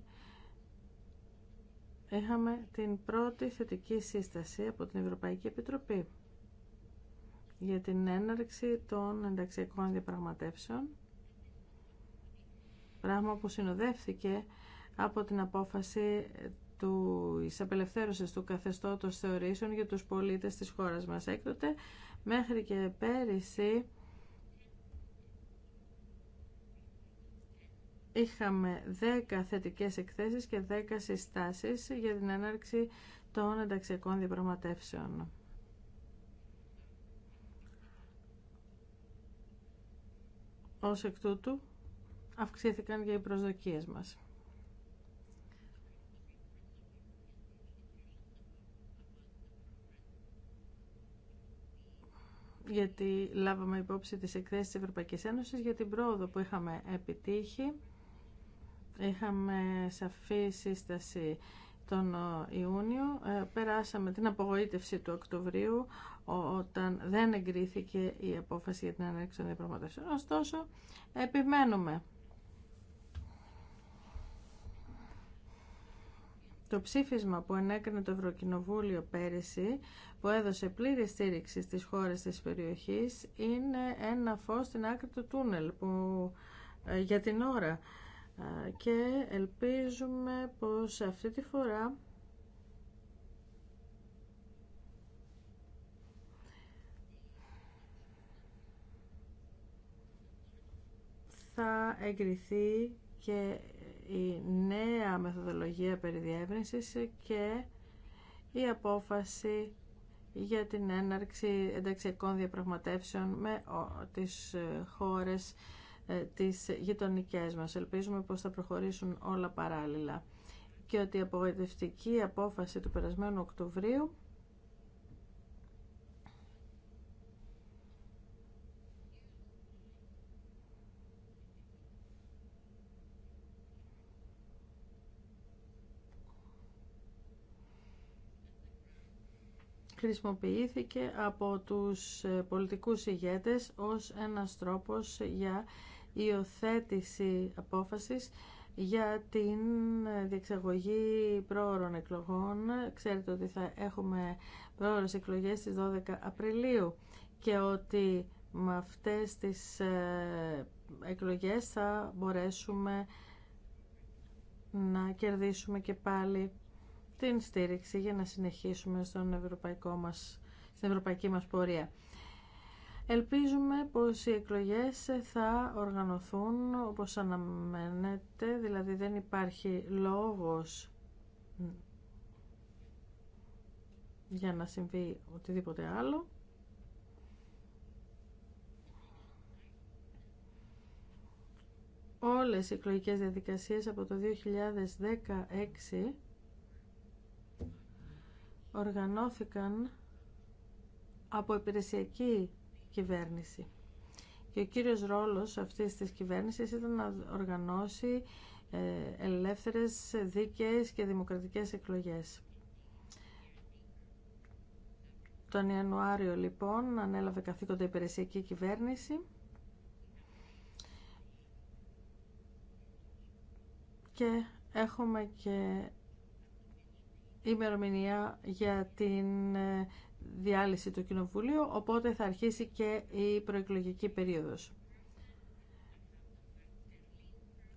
είχαμε την πρώτη θετική σύσταση από την Ευρωπαϊκή Επιτροπή για την έναρξη των ενταξιακών διαπραγματεύσεων, πράγμα που συνοδεύθηκε από την απόφαση του απελευθέρωση του καθεστώτος θεωρήσεων για τους πολίτες της χώρας μας. Έκτοτε, μέχρι και πέρυσι, είχαμε 10 θετικές εκθέσεις και 10 συστάσεις για την έναρξη των ενταξιακών διαπραγματεύσεων. Ως εκ τούτου, αυξήθηκαν και οι προσδοκίες μας. γιατί λάβαμε υπόψη τις εκθέσεις της Ευρωπαϊκής Ένωσης για την πρόοδο που είχαμε επιτύχει. Είχαμε σαφή σύσταση τον ε, Ιούνιο. Ε, περάσαμε την απογοήτευση του Οκτωβρίου όταν δεν εγκρίθηκε η απόφαση για την ανέξη των διαπραγματεύσεων. Ωστόσο, επιμένουμε. Το ψήφισμα που ενέκρινε το Ευρωκοινοβούλιο πέρυσι, που έδωσε πλήρη στήριξη στις χώρες της περιοχής, είναι ένα φως στην άκρη του τούνελ που, ε, για την ώρα. Και ελπίζουμε πως αυτή τη φορά θα εγκριθεί και η νέα μεθοδολογία διεύρυνσης και η απόφαση για την έναρξη ενταξιακών διαπραγματεύσεων με τις ε, χώρες ε, τις γειτονικές μας. Ελπίζουμε πως θα προχωρήσουν όλα παράλληλα και ότι η απογοητευτική απόφαση του περασμένου Οκτωβρίου χρησιμοποιήθηκε από τους ε, πολιτικούς ηγέτες ως ένας τρόπος για υιοθέτηση απόφασης για την ε, διεξαγωγή πρόωρων εκλογών. Ξέρετε ότι θα έχουμε πρόωρες εκλογές στις 12 Απριλίου και ότι με αυτές τις ε, εκλογές θα μπορέσουμε να κερδίσουμε και πάλι την στήριξη για να συνεχίσουμε στον ευρωπαϊκό μας, στην ευρωπαϊκή μας πορεία. Ελπίζουμε πως οι εκλογές θα οργανωθούν όπως αναμένεται, δηλαδή δεν υπάρχει λόγος για να συμβεί οτιδήποτε άλλο. Όλες οι εκλογικές διαδικασίες από το 2016 οργανώθηκαν από υπηρεσιακή κυβέρνηση. Και ο κύριος ρόλος αυτής της κυβέρνησης ήταν να οργανώσει ε, ελεύθερες, δίκαιες και δημοκρατικές εκλογές. Τον Ιανουάριο λοιπόν ανέλαβε καθήκοντα υπηρεσιακή κυβέρνηση και έχουμε και ημερομηνία για την ε, διάλυση του Κοινοβουλίου, οπότε θα αρχίσει και η προεκλογική περίοδος.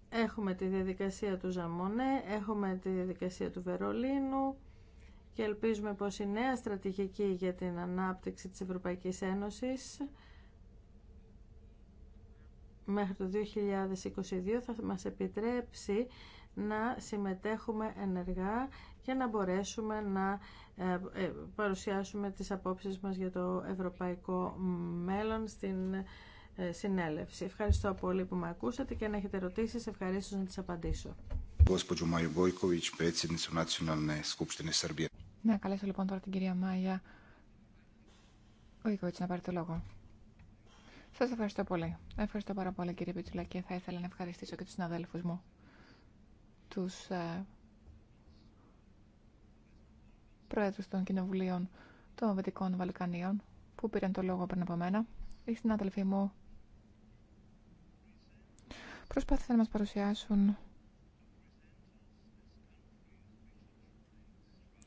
Έχουμε τη διαδικασία του Ζαμονέ, έχουμε τη διαδικασία του Βερολίνου και ελπίζουμε πως η νέα στρατηγική για την ανάπτυξη της Ευρωπαϊκής Ένωσης μέχρι το 2022 θα μας επιτρέψει να συμμετέχουμε ενεργά και να μπορέσουμε να ε, ε, παρουσιάσουμε τις απόψεις μας για το ευρωπαϊκό μέλλον στην ε, συνέλευση. Ευχαριστώ πολύ που με ακούσατε και αν έχετε ερωτήσεις ευχαρίστω να τις απαντήσω. Να καλέσω λοιπόν τώρα την κυρία Μάγια Βοϊκοβίτς να πάρει το λόγο. Σας ευχαριστώ πολύ. Ευχαριστώ πάρα πολύ κύριε Πιτσουλακή. Θα ήθελα να ευχαριστήσω και τους συναδέλφους μου τους ε, πρόεδρους των κοινοβουλίων των Βετικών Βαλκανίων που πήραν το λόγο πριν από μένα. Οι συνάδελφοί μου προσπάθησαν να μας παρουσιάσουν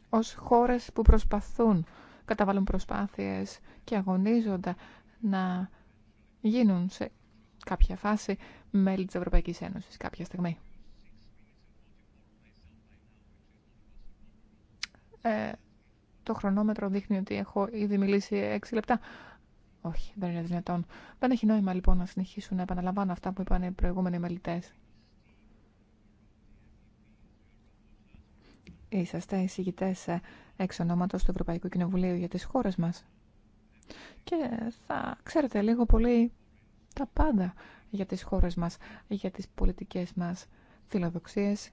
ως χώρες που προσπαθούν, καταβάλουν προσπάθειες και αγωνίζονται να γίνουν σε κάποια φάση μέλη της Ευρωπαϊκής Ένωσης κάποια στιγμή. ε, το χρονόμετρο δείχνει ότι έχω ήδη μιλήσει 6 λεπτά. Όχι, δεν είναι δυνατόν. Δεν έχει νόημα λοιπόν να συνεχίσουν να επαναλαμβάνω αυτά που είπαν οι προηγούμενοι μελητέ. Είσαστε εισηγητέ ε, εξ ονόματο του Ευρωπαϊκού Κοινοβουλίου για τι χώρε μα. Και θα ξέρετε λίγο πολύ τα πάντα για τις χώρες μας, για τις πολιτικές μας φιλοδοξίες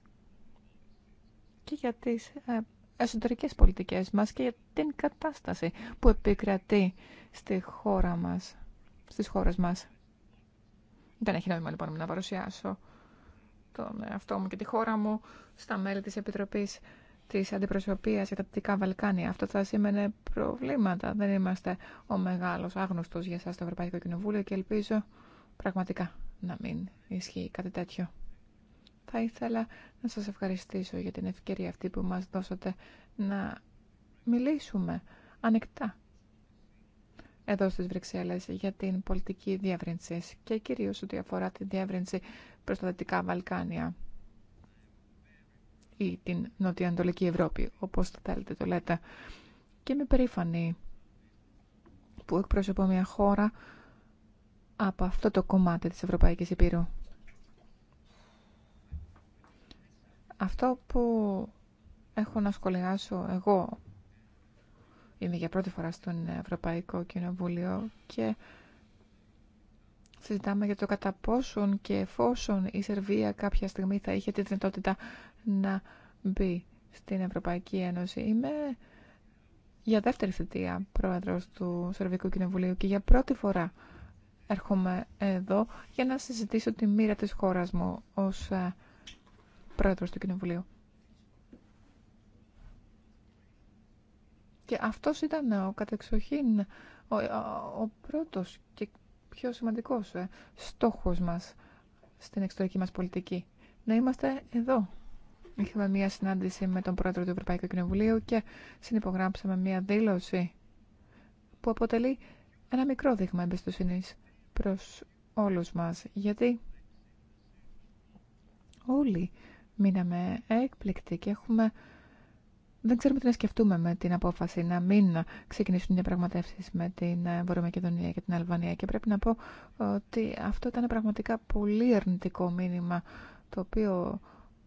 και για τις ε, εσωτερικές πολιτικές μας και για την κατάσταση που επικρατεί στη χώρα μας, στις χώρες μας. Δεν έχει νόημα λοιπόν να παρουσιάσω τον εαυτό μου και τη χώρα μου στα μέλη της Επιτροπής της Αντιπροσωπείας για τα Δυτικά Βαλκάνια. Αυτό θα σήμαινε προβλήματα. Δεν είμαστε ο μεγάλος άγνωστος για σας στο Ευρωπαϊκό Κοινοβούλιο και ελπίζω πραγματικά να μην ισχύει κάτι τέτοιο. Θα ήθελα να σας ευχαριστήσω για την ευκαιρία αυτή που μας δώσατε να μιλήσουμε ανεκτά εδώ στις Βρυξέλλες για την πολιτική διεύρυνση και κυρίως ότι αφορά τη διεύρυνση προς τα Δυτικά Βαλκάνια ή την Νοτιοανατολική Ευρώπη, όπως το θέλετε το λέτε. Και είμαι περήφανη που εκπροσωπώ μια χώρα από αυτό το κομμάτι της Ευρωπαϊκής Επίρου. Αυτό που έχω να σχολιάσω εγώ είμαι για πρώτη φορά στον Ευρωπαϊκό Κοινοβούλιο και συζητάμε για το κατά πόσον και εφόσον η Σερβία κάποια στιγμή θα είχε τη δυνατότητα να μπει στην Ευρωπαϊκή Ένωση. Είμαι για δεύτερη θητεία πρόεδρος του Σερβικού Κοινοβουλίου και για πρώτη φορά έρχομαι εδώ για να συζητήσω τη μοίρα της χώρας μου ως ε, πρόεδρος του Κοινοβουλίου. Και αυτός ήταν ο κατεξοχήν ο, ο πρώτος και πιο σημαντικός ε, στόχος μας στην εξωτερική μας πολιτική. Να είμαστε εδώ. Είχαμε μία συνάντηση με τον πρόεδρο του Ευρωπαϊκού Κοινοβουλίου και συνυπογράψαμε μία δήλωση που αποτελεί ένα μικρό δείγμα εμπιστοσύνη προς όλους μας. Γιατί όλοι μείναμε έκπληκτοι και έχουμε... Δεν ξέρουμε τι να σκεφτούμε με την απόφαση να μην ξεκινήσουν διαπραγματεύσει με την ε, Βορειομακεδονία και την Αλβανία. Και πρέπει να πω ότι αυτό ήταν πραγματικά πολύ αρνητικό μήνυμα το οποίο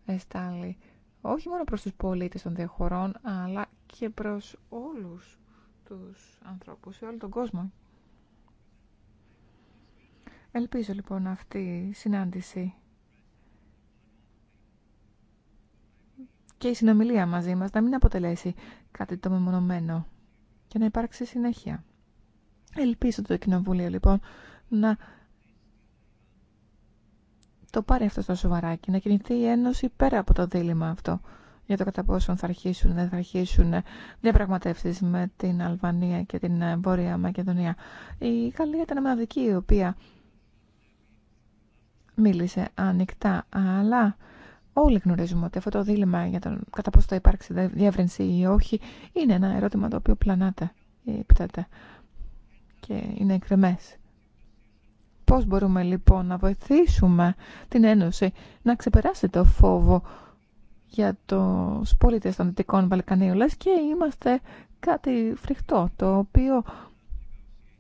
εστάλει όχι μόνο προς τους πολίτες των δύο χωρών, αλλά και προς όλους τους ανθρώπους σε όλο τον κόσμο. Ελπίζω λοιπόν αυτή η συνάντηση και η συνομιλία μαζί μας να μην αποτελέσει κάτι το μεμονωμένο και να υπάρξει συνέχεια. Ελπίζω το Κοινοβούλιο λοιπόν να το πάρει αυτό στο σοβαράκι, να κινηθεί η Ένωση πέρα από το δίλημα αυτό για το κατά πόσο θα αρχίσουν ή δεν θα αρχίσουν διαπραγματεύσεις με την Αλβανία και την Βόρεια Μακεδονία. Η Γαλλία ήταν μοναδική η οποία μίλησε ανοιχτά, αλλά Όλοι γνωρίζουμε ότι αυτό το δίλημα για τον κατά πόσο θα υπάρξει διεύρυνση ή όχι είναι ένα ερώτημα το οποίο πλανάται ή και είναι κρεμές. Πώς μπορούμε λοιπόν να βοηθήσουμε την Ένωση να ξεπεράσει το φόβο για το πόλητες των Δυτικών Βαλκανίων, και είμαστε κάτι φρικτό, το οποίο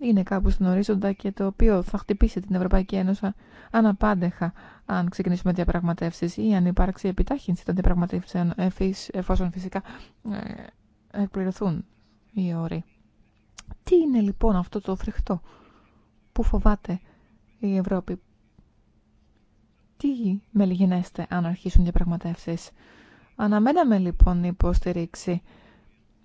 είναι κάπου στον ορίζοντα και το οποίο θα χτυπήσει την Ευρωπαϊκή Ένωση αναπάντεχα αν ξεκινήσουμε διαπραγματεύσεις ή αν υπάρξει επιτάχυνση των διαπραγματεύσεων ε, εφόσον φυσικά διαπραγματεύσει ή αν υπάρξει επιτάχνηση των διαπραγματεύσεων εφόσον φυσικά εκπληρωθούν οι όροι. Τι είναι λοιπόν αυτό το φριχτό που φοβάται η Ευρώπη. Τι μελιγενέστε αν αρχίσουν διαπραγματεύσεις. Αναμέναμε η ευρωπη τι λιγινέστε αν λοιπόν υποστηρίξη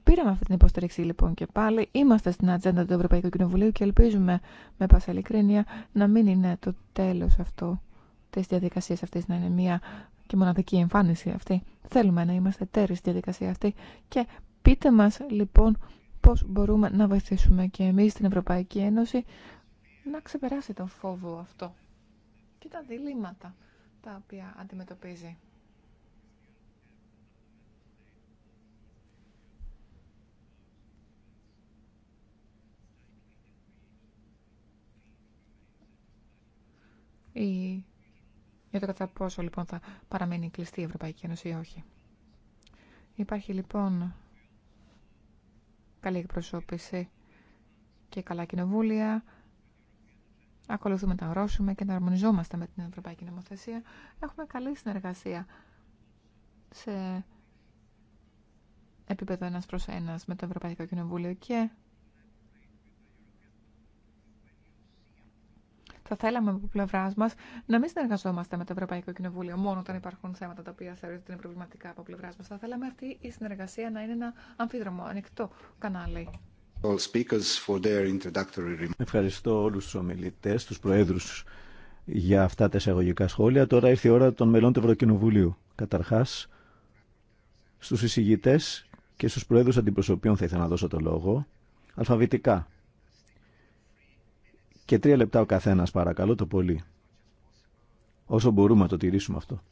Πήραμε αυτή την υποστήριξη λοιπόν και πάλι. Είμαστε στην ατζέντα του Ευρωπαϊκού Κοινοβουλίου και ελπίζουμε με πάσα ειλικρίνεια να μην είναι το τέλο αυτό τη διαδικασία αυτή, να είναι μια και μοναδική εμφάνιση αυτή. Θέλουμε να είμαστε τέρι στη διαδικασία αυτή και πείτε μα λοιπόν πώ μπορούμε να βοηθήσουμε και εμεί στην Ευρωπαϊκή Ένωση να ξεπεράσει τον φόβο αυτό και τα διλήμματα τα οποία αντιμετωπίζει. η... για το κατά πόσο λοιπόν θα παραμείνει κλειστή η Ευρωπαϊκή Ένωση ή όχι. Υπάρχει λοιπόν καλή εκπροσώπηση και καλά κοινοβούλια. Ακολουθούμε τα ορόσουμε και να αρμονιζόμαστε με την Ευρωπαϊκή Νομοθεσία. Έχουμε καλή συνεργασία σε επίπεδο ένας προς ένας με το Ευρωπαϊκό Κοινοβούλιο και Θα θέλαμε από πλευρά μα να μην συνεργαζόμαστε με το Ευρωπαϊκό Κοινοβούλιο μόνο όταν υπάρχουν θέματα τα οποία θεωρείται ότι είναι προβληματικά από πλευρά μα. Θα θέλαμε αυτή η συνεργασία να είναι ένα αμφίδρομο, ανοιχτό κανάλι. Ευχαριστώ όλους τους ομιλητές, τους προέδρους για αυτά τα εισαγωγικά σχόλια. Τώρα ήρθε η ώρα των μελών του Ευρωκοινοβουλίου. Καταρχάς, στους εισηγητές και στους προέδρους αντιπροσωπείων θα ήθελα να δώσω το λόγο. Αλφαβητικά, και τρία λεπτά ο καθένα, παρακαλώ το πολύ. Όσο μπορούμε να το τηρήσουμε αυτό.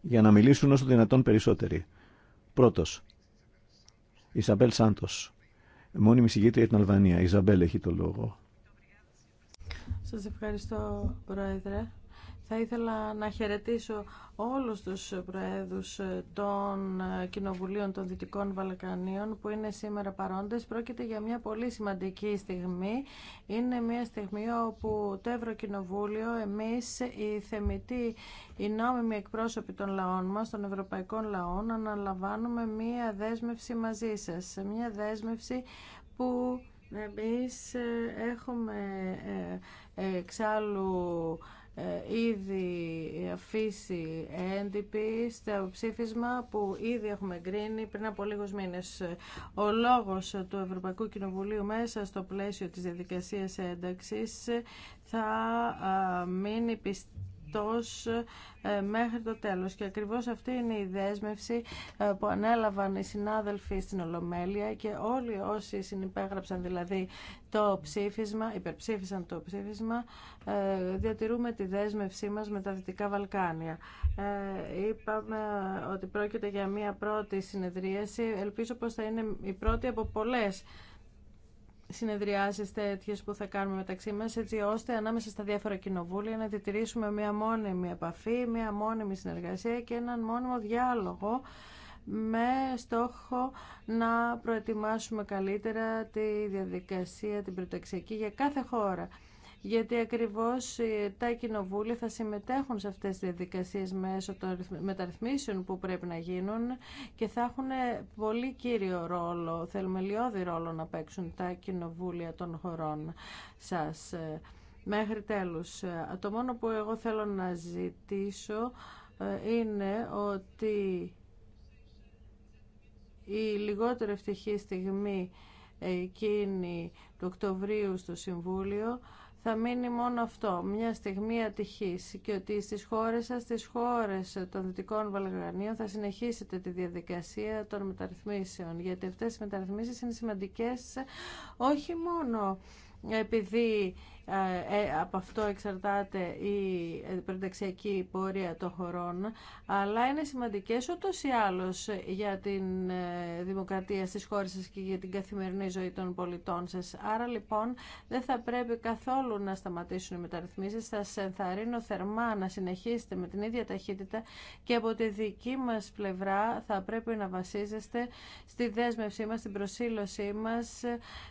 Για να μιλήσουν όσο δυνατόν περισσότεροι. Πρώτος, Ισαμπέλ Σάντο. μόνιμη συγγήτρια για την Αλβανία. Ισαμπέλ έχει το λόγο. Σας ευχαριστώ, Πρόεδρε. Θα ήθελα να χαιρετήσω όλους τους προέδρους των Κοινοβουλίων των Δυτικών Βαλκανίων που είναι σήμερα παρόντες. Πρόκειται για μια πολύ σημαντική στιγμή. Είναι μια στιγμή όπου το Ευρωκοινοβούλιο, εμείς οι θεμητοί, οι νόμιμοι εκπρόσωποι των λαών μας, των ευρωπαϊκών λαών, αναλαμβάνουμε μια δέσμευση μαζί σας. Μια δέσμευση που εμείς ε, έχουμε ε, ε, εξάλλου ε, ήδη αφήσει έντυπη στο ψήφισμα που ήδη έχουμε εγκρίνει πριν από λίγους μήνες. Ο λόγος του Ευρωπαϊκού Κοινοβουλίου μέσα στο πλαίσιο της διαδικασίας ένταξης θα μείνει πιστή αυτός ε, μέχρι το τέλος. Και ακριβώς αυτή είναι η δέσμευση ε, που ανέλαβαν οι συνάδελφοι στην Ολομέλεια και όλοι όσοι συνυπέγραψαν δηλαδή το ψήφισμα, υπερψήφισαν το ψήφισμα, ε, διατηρούμε τη δέσμευσή μας με τα Δυτικά Βαλκάνια. Είπαμε ότι πρόκειται για μία πρώτη συνεδρίαση, ελπίζω πως θα είναι η πρώτη από πολλές συνεδριάσεις τέτοιε που θα κάνουμε μεταξύ μας, έτσι ώστε ανάμεσα στα διάφορα κοινοβούλια να διατηρήσουμε μία μόνιμη επαφή, μία μόνιμη συνεργασία και έναν μόνιμο διάλογο με στόχο να προετοιμάσουμε καλύτερα τη διαδικασία, την πρωτοεξιακή για κάθε χώρα γιατί ακριβώς ε, τα κοινοβούλια θα συμμετέχουν σε αυτές τις διαδικασίες μέσω των μεταρρυθμίσεων που πρέπει να γίνουν και θα έχουν ε, πολύ κύριο ρόλο, λιώδη ρόλο να παίξουν τα κοινοβούλια των χωρών σας. Ε, μέχρι τέλους, το μόνο που εγώ θέλω να ζητήσω είναι ότι η λιγότερη ευτυχή στιγμή εκείνη του Οκτωβρίου στο Συμβούλιο θα μείνει μόνο αυτό, μια στιγμή ατυχής και ότι στις χώρες σας, στις χώρες των Δυτικών Βαλκανίων θα συνεχίσετε τη διαδικασία των μεταρρυθμίσεων, γιατί αυτές οι μεταρρυθμίσεις είναι σημαντικές όχι μόνο επειδή ε, ε, από αυτό εξαρτάται η πρωτεξιακή πορεία των χωρών, αλλά είναι σημαντικές ούτως ή άλλως για την ε, δημοκρατία στις χώρες σας και για την καθημερινή ζωή των πολιτών σας. Άρα λοιπόν δεν θα πρέπει καθόλου να σταματήσουν οι μεταρρυθμίσεις. Θα σε ενθαρρύνω θερμά να συνεχίσετε με την ίδια ταχύτητα και από τη δική μας πλευρά θα πρέπει να βασίζεστε στη δέσμευσή μας, στην προσήλωσή μας,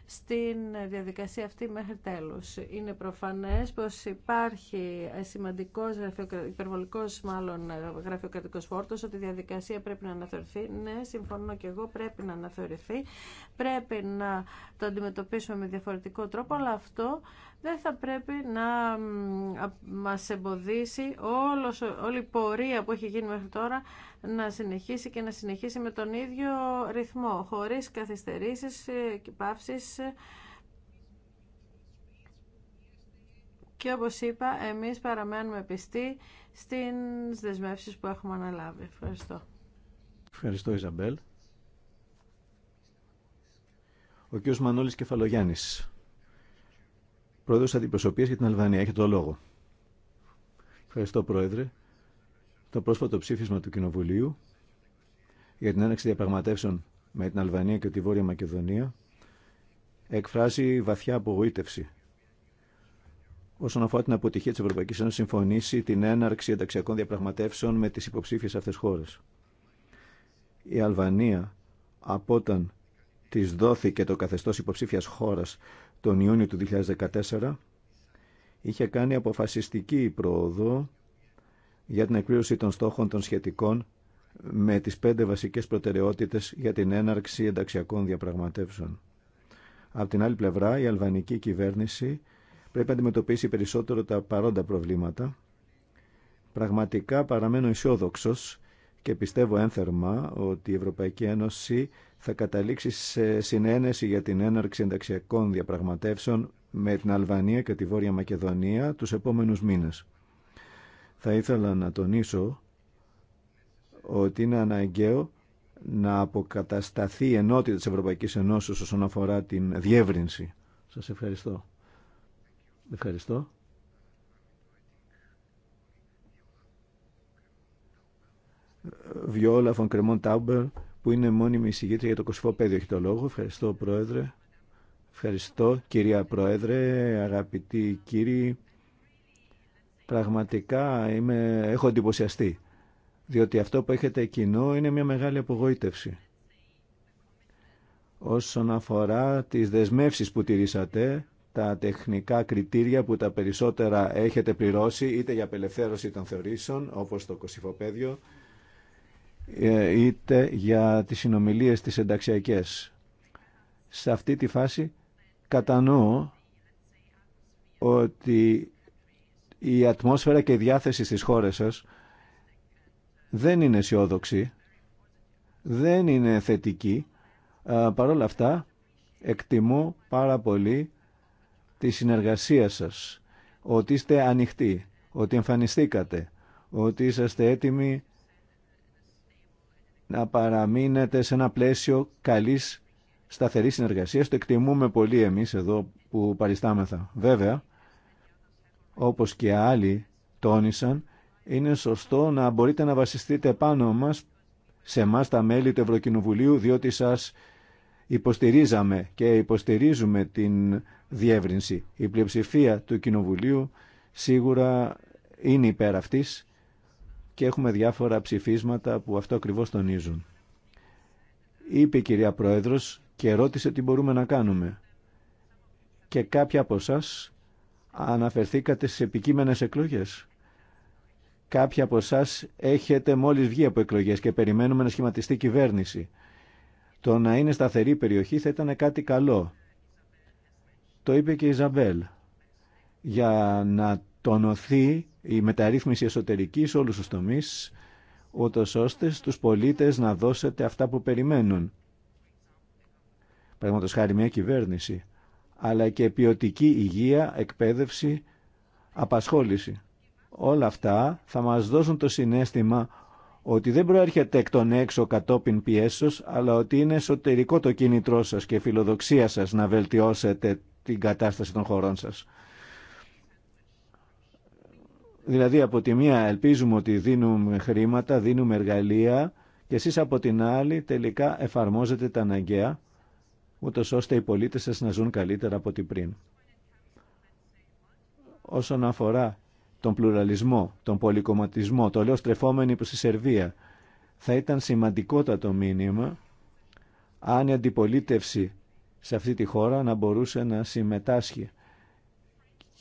στην διαδικασία αυτή μέχρι τέλους είναι προφανές πως υπάρχει σημαντικός υπερβολικός μάλλον ε, γραφειοκρατικός φόρτος, ότι η διαδικασία πρέπει να αναθεωρηθεί. Ναι, συμφωνώ και εγώ, πρέπει να αναθεωρηθεί. Πρέπει να το αντιμετωπίσουμε με διαφορετικό τρόπο, αλλά αυτό δεν θα πρέπει να μας εμποδίσει όλος, όλη η πορεία που έχει γίνει μέχρι τώρα να συνεχίσει και να συνεχίσει με τον ίδιο ρυθμό, χωρίς καθυστερήσεις ε, και πάυσεις ε, Και όπως είπα, εμείς παραμένουμε πιστοί στις δεσμεύσεις που έχουμε αναλάβει. Ευχαριστώ. Ευχαριστώ, Ιζαμπέλ. Ο κ. Μανώλης Κεφαλογιάννης, πρόεδρος αντιπροσωπείας για την Αλβανία. Έχετε το λόγο. Ευχαριστώ, Πρόεδρε. Το πρόσφατο ψήφισμα του Κοινοβουλίου για την έναξη διαπραγματεύσεων με την Αλβανία και τη Βόρεια Μακεδονία εκφράζει βαθιά απογοήτευση όσον αφορά την αποτυχία τη Ευρωπαϊκή Ένωση συμφωνήσει την έναρξη ενταξιακών διαπραγματεύσεων με τις υποψήφιες αυτές χώρες. Η Αλβανία από όταν τη δόθηκε το καθεστώς υποψήφιας χώρας τον Ιούνιο του 2014 είχε κάνει αποφασιστική πρόοδο για την εκπλήρωση των στόχων των σχετικών με τις πέντε βασικές προτεραιότητες για την έναρξη ενταξιακών διαπραγματεύσεων. Απ' την άλλη πλευρά, η αλβανική κυβέρνηση πρέπει να αντιμετωπίσει περισσότερο τα παρόντα προβλήματα. Πραγματικά παραμένω αισιόδοξο και πιστεύω ένθερμα ότι η Ευρωπαϊκή Ένωση θα καταλήξει σε συνένεση για την έναρξη ενταξιακών διαπραγματεύσεων με την Αλβανία και τη Βόρεια Μακεδονία τους επόμενους μήνες. Θα ήθελα να τονίσω ότι είναι αναγκαίο να αποκατασταθεί η ενότητα της Ευρωπαϊκής Ενώσης όσον αφορά την διεύρυνση. Σας ευχαριστώ. Ευχαριστώ. Βιόλα Φων Κρεμόν Τάουμπερ, που είναι μόνιμη εισηγήτρια για το Κωσφό Πέδιο, έχει το λόγο. Ευχαριστώ, Πρόεδρε. Ευχαριστώ, κυρία Πρόεδρε, αγαπητοί κύριοι. Πραγματικά είμαι, έχω εντυπωσιαστεί, διότι αυτό που έχετε κοινό είναι μια μεγάλη απογοήτευση. Όσον αφορά τις δεσμεύσεις που τηρήσατε, τα τεχνικά κριτήρια που τα περισσότερα έχετε πληρώσει είτε για απελευθέρωση των θεωρήσεων όπως το κοσυφοπαίδιο ε, είτε για τις συνομιλίες τις ενταξιακές. Σε αυτή τη φάση κατανοώ ότι η ατμόσφαιρα και η διάθεση στις χώρες σας δεν είναι αισιόδοξη, δεν είναι θετική. Ε, Παρ' όλα αυτά, εκτιμώ πάρα πολύ τη συνεργασία σας, ότι είστε ανοιχτοί, ότι εμφανιστήκατε, ότι είσαστε έτοιμοι να παραμείνετε σε ένα πλαίσιο καλής σταθερής συνεργασίας. Το εκτιμούμε πολύ εμείς εδώ που παριστάμεθα. Βέβαια, όπως και άλλοι τόνισαν, είναι σωστό να μπορείτε να βασιστείτε πάνω μας, σε εμά τα μέλη του Ευρωκοινοβουλίου, διότι σας υποστηρίζαμε και υποστηρίζουμε την διεύρυνση. Η πλειοψηφία του Κοινοβουλίου σίγουρα είναι υπέρ αυτής και έχουμε διάφορα ψηφίσματα που αυτό ακριβώς τονίζουν. Είπε η κυρία Πρόεδρος και ρώτησε τι μπορούμε να κάνουμε. Και κάποια από εσά αναφερθήκατε στις επικείμενες εκλογές. Κάποια από εσά έχετε μόλις βγει από εκλογές και περιμένουμε να σχηματιστεί κυβέρνηση. Το να είναι σταθερή περιοχή θα ήταν κάτι καλό το είπε και η Ζαμπέλ για να τονωθεί η μεταρρύθμιση εσωτερική σε όλους τους τομείς, ούτως ώστε στους πολίτες να δώσετε αυτά που περιμένουν. Παραδείγματος χάρη μια κυβέρνηση, αλλά και ποιοτική υγεία, εκπαίδευση, απασχόληση. Όλα αυτά θα μας δώσουν το συνέστημα ότι δεν προέρχεται εκ των έξω κατόπιν πιέσεως, αλλά ότι είναι εσωτερικό το κίνητρό σας και η φιλοδοξία σας να βελτιώσετε την κατάσταση των χωρών σας. Δηλαδή από τη μία ελπίζουμε ότι δίνουμε χρήματα, δίνουμε εργαλεία και εσείς από την άλλη τελικά εφαρμόζετε τα αναγκαία ούτω ώστε οι πολίτες σας να ζουν καλύτερα από ό,τι πριν. Όσον αφορά τον πλουραλισμό, τον πολυκομματισμό, το λέω στρεφόμενοι προς τη Σερβία, θα ήταν σημαντικότατο μήνυμα αν η αντιπολίτευση σε αυτή τη χώρα να μπορούσε να συμμετάσχει.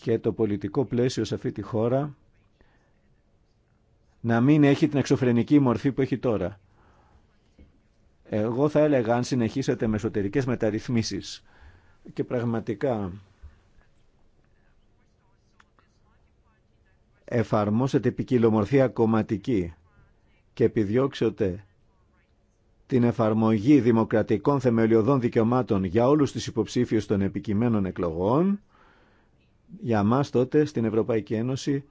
Και το πολιτικό πλαίσιο σε αυτή τη χώρα να μην έχει την εξωφρενική μορφή που έχει τώρα. Εγώ θα έλεγα αν συνεχίσετε με εσωτερικές μεταρρυθμίσεις και πραγματικά εφαρμόσετε ποικιλομορφία κομματική και επιδιώξετε την εφαρμογή δημοκρατικών θεμελιωδών δικαιωμάτων για όλους τους υποψήφιους των επικειμένων εκλογών, για μας τότε στην Ευρωπαϊκή Ένωση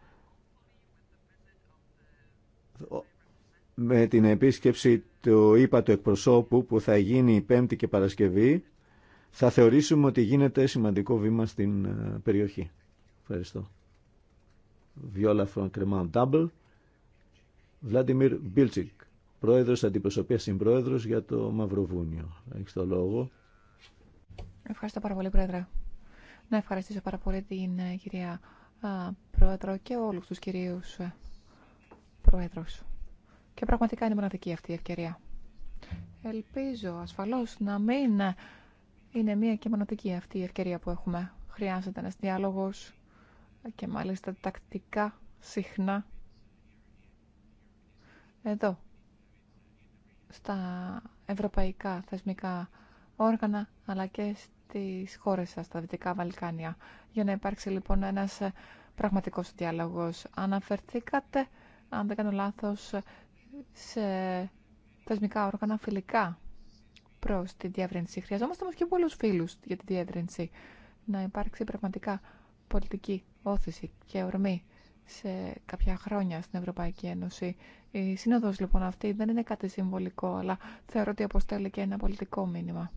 με την επίσκεψη του ΗΠΑ του εκπροσώπου που θα γίνει η Πέμπτη και Παρασκευή θα θεωρήσουμε ότι γίνεται σημαντικό βήμα στην ε, περιοχή. Ευχαριστώ. Βιόλα Φρον Βλάντιμιρ πρόεδρος, αντιπροσωπεία συμπρόεδρος για το Μαυροβούνιο. Έχεις το λόγο. Ευχαριστώ πάρα πολύ, Πρόεδρε. Να ευχαριστήσω πάρα πολύ την ε, κυρία Πρόεδρο και όλους τους κυρίους ε, πρόεδρους. Και πραγματικά είναι μοναδική αυτή η ευκαιρία. Ελπίζω ασφαλώς να μην είναι μία και μοναδική αυτή η ευκαιρία που έχουμε. Χρειάζεται ένα διάλογο και μάλιστα τακτικά, συχνά. Εδώ, στα ευρωπαϊκά θεσμικά όργανα αλλά και στις χώρες σας, στα Δυτικά Βαλκάνια. Για να υπάρξει λοιπόν ένας ε, πραγματικός διάλογος. Αναφερθήκατε, αν δεν κάνω λάθος, σε θεσμικά όργανα φιλικά προς τη διεύρυνση. Χρειαζόμαστε όμως και πολλούς φίλους για τη διεύρυνση. Να υπάρξει πραγματικά πολιτική όθηση και ορμή σε κάποια χρόνια στην Ευρωπαϊκή Ένωση. Η σύνοδος λοιπόν αυτή δεν είναι κάτι συμβολικό, αλλά θεωρώ ότι αποστέλλει και ένα πολιτικό μήνυμα.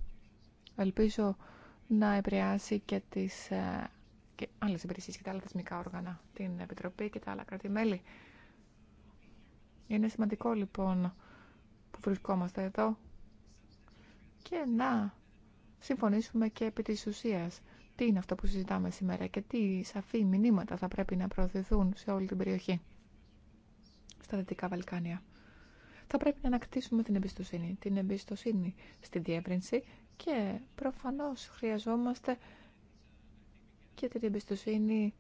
Ελπίζω να επηρεάσει και τις ε, και άλλες υπηρεσίες και τα άλλα θεσμικά όργανα, την Επιτροπή και τα άλλα κρατημέλη. Είναι σημαντικό λοιπόν που βρισκόμαστε εδώ και να συμφωνήσουμε και επί της ουσίας τι είναι αυτό που συζητάμε σήμερα και τι σαφή μηνύματα θα πρέπει να προωθηθούν σε όλη την περιοχή, στα Δυτικά Βαλκάνια. Θα πρέπει να ανακτήσουμε την εμπιστοσύνη, την εμπιστοσύνη στη διεύρυνση και προφανώς χρειαζόμαστε και την εμπιστοσύνη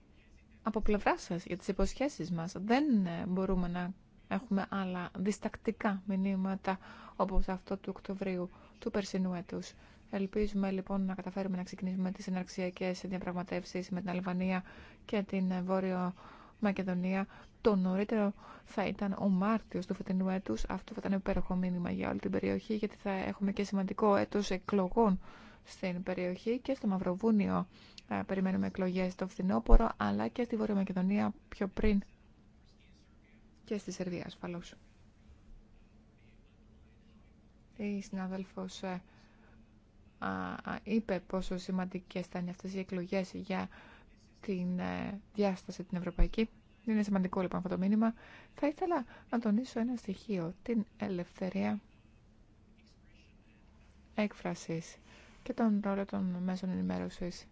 από πλευρά σα για τις υποσχέσεις μας. Δεν ε, μπορούμε να έχουμε άλλα διστακτικά μηνύματα όπως αυτό του Οκτωβρίου του περσινού έτους. Ελπίζουμε λοιπόν να καταφέρουμε να ξεκινήσουμε τις εναρξιακές διαπραγματεύσεις με την Αλβανία και την Βόρειο Μακεδονία. Το νωρίτερο θα ήταν ο Μάρτιος του φετινού έτους. Αυτό θα ήταν υπέροχο μήνυμα για όλη την περιοχή γιατί θα έχουμε και σημαντικό έτος εκλογών στην περιοχή και στο Μαυροβούνιο ε, περιμένουμε εκλογές στο φθινόπωρο αλλά και στη Βόρεια Μακεδονία πιο πριν και στη Σερβία ασφαλώς. Η συνάδελφος ε, είπε πόσο σημαντικές ήταν είναι αυτές οι εκλογές για την ε, διάσταση την ευρωπαϊκή. Είναι σημαντικό λοιπόν αυτό το μήνυμα. Θα ήθελα να τονίσω ένα στοιχείο, την ελευθερία έκφρασης και τον ρόλο των μέσων ενημέρωσης.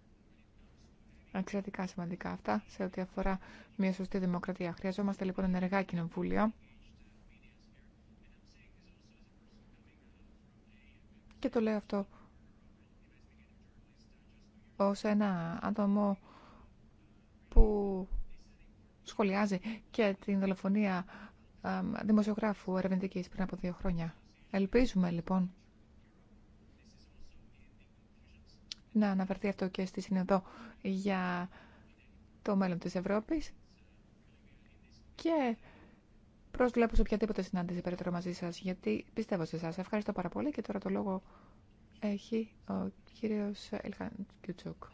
Εξαιρετικά σημαντικά αυτά σε ό,τι αφορά μια σωστή δημοκρατία. Χρειαζόμαστε λοιπόν ενεργά κοινοβούλια. Και το λέω αυτό ως ένα άτομο που σχολιάζει και την δολοφονία δημοσιογράφου ερευνητικής πριν από δύο χρόνια. Ελπίζουμε λοιπόν να αναφερθεί αυτό και στη Συνοδό για το μέλλον της Ευρώπης και προσβλέπω σε οποιαδήποτε συνάντηση περαιτέρω μαζί σας γιατί πιστεύω σε εσάς. Ευχαριστώ πάρα πολύ και τώρα το λόγο έχει ο κύριος Ελχάν Κιουτσούκ.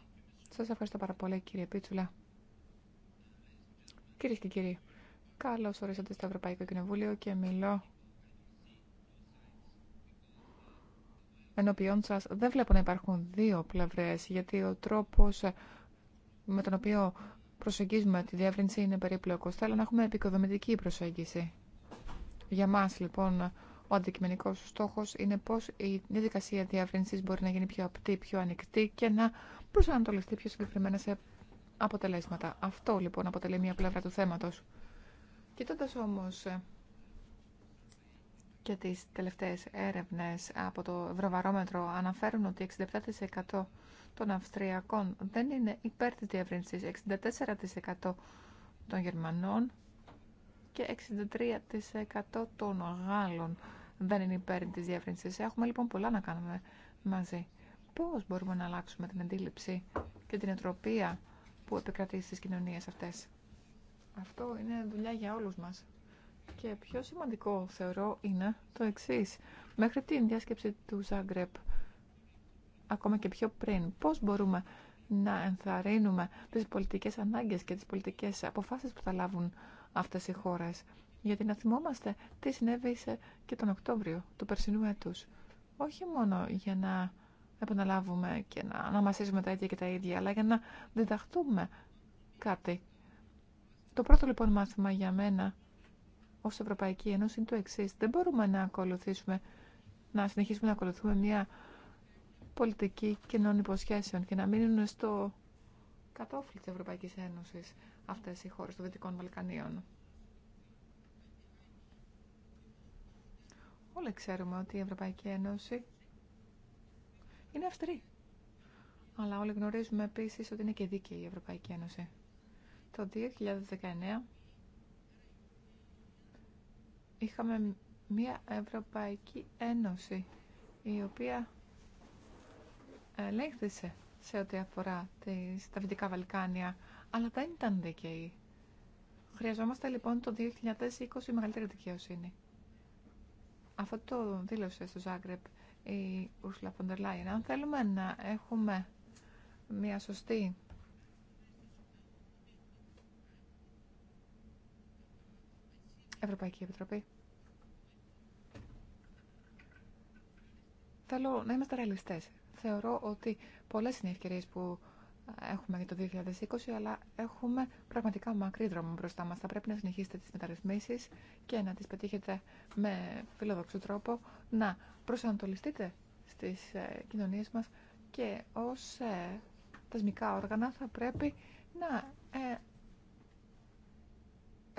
Σας ευχαριστώ πάρα πολύ κύριε Πίτσουλα. Κυρίε και κύριοι, καλώς ορίσατε στο Ευρωπαϊκό Κοινοβούλιο και μιλώ ενώπιόν σας. Δεν βλέπω να υπάρχουν δύο πλευρές, γιατί ο τρόπος με τον οποίο προσεγγίζουμε τη διεύρυνση είναι περίπλοκος. Θέλω να έχουμε επικοδομητική προσέγγιση. Για μας λοιπόν ο αντικειμενικό στόχο είναι πώ η διαδικασία διαβρύνση μπορεί να γίνει πιο απτή, πιο ανοιχτή και να προσανατολιστεί πιο συγκεκριμένα σε αποτελέσματα. Αυτό λοιπόν αποτελεί μια πλευρά του θέματο. Κοιτώντα όμω ε, και τις τελευταίες έρευνες από το Ευρωβαρόμετρο αναφέρουν ότι 67% των Αυστριακών δεν είναι υπέρ της διαβρύνσης. 64% των Γερμανών, και 63% των Γάλλων δεν είναι υπέρ τη διεύρυνσης. Έχουμε λοιπόν πολλά να κάνουμε μαζί. Πώ μπορούμε να αλλάξουμε την αντίληψη και την εντροπία που επικρατεί στις κοινωνίε αυτέ. Αυτό είναι δουλειά για όλου μα. Και πιο σημαντικό θεωρώ είναι το εξή. Μέχρι την διάσκεψη του Ζάγκρεπ, ακόμα και πιο πριν, Πώ μπορούμε να ενθαρρύνουμε τις πολιτικές ανάγκες και τις πολιτικές αποφάσεις που θα λάβουν αυτές οι χώρες. Γιατί να θυμόμαστε τι συνέβη και τον Οκτώβριο του περσινού έτους. Όχι μόνο για να επαναλάβουμε και να αναμασίζουμε τα ίδια και τα ίδια, αλλά για να διδαχτούμε κάτι. Το πρώτο λοιπόν μάθημα για μένα ως Ευρωπαϊκή Ένωση είναι το εξή. Δεν μπορούμε να ακολουθήσουμε, να συνεχίσουμε να ακολουθούμε μια πολιτική κοινών υποσχέσεων και να μείνουν στο κατόφλη τη Ευρωπαϊκή Ένωσης αυτέ οι χώρε των Δυτικών Βαλκανίων. Όλοι ξέρουμε ότι η Ευρωπαϊκή Ένωση είναι αυστηρή. Αλλά όλοι γνωρίζουμε επίση ότι είναι και δίκαιη η Ευρωπαϊκή Ένωση. Το 2019 είχαμε μια Ευρωπαϊκή Ένωση η οποία ελέγχθησε σε ό,τι αφορά τις, τα Δυτικά Βαλκάνια, αλλά δεν ήταν δίκαιοι. Χρειαζόμαστε λοιπόν το 2020 μεγαλύτερη δικαιοσύνη. Αυτό το δήλωσε στο Ζάγκρεπ η Ούρσλα Φοντερ Λάιεν. Αν θέλουμε να έχουμε μια σωστή Ευρωπαϊκή Επιτροπή. Θέλω να είμαστε ρεαλιστές θεωρώ ότι πολλές είναι οι ευκαιρίε που έχουμε για το 2020, αλλά έχουμε πραγματικά μακρύ δρόμο μπροστά μας. Θα πρέπει να συνεχίσετε τις μεταρρυθμίσεις και να τις πετύχετε με φιλοδοξό τρόπο, να προσανατολιστείτε στις ε, κοινωνίες μας και ω ε, τασμικά όργανα θα πρέπει να ε,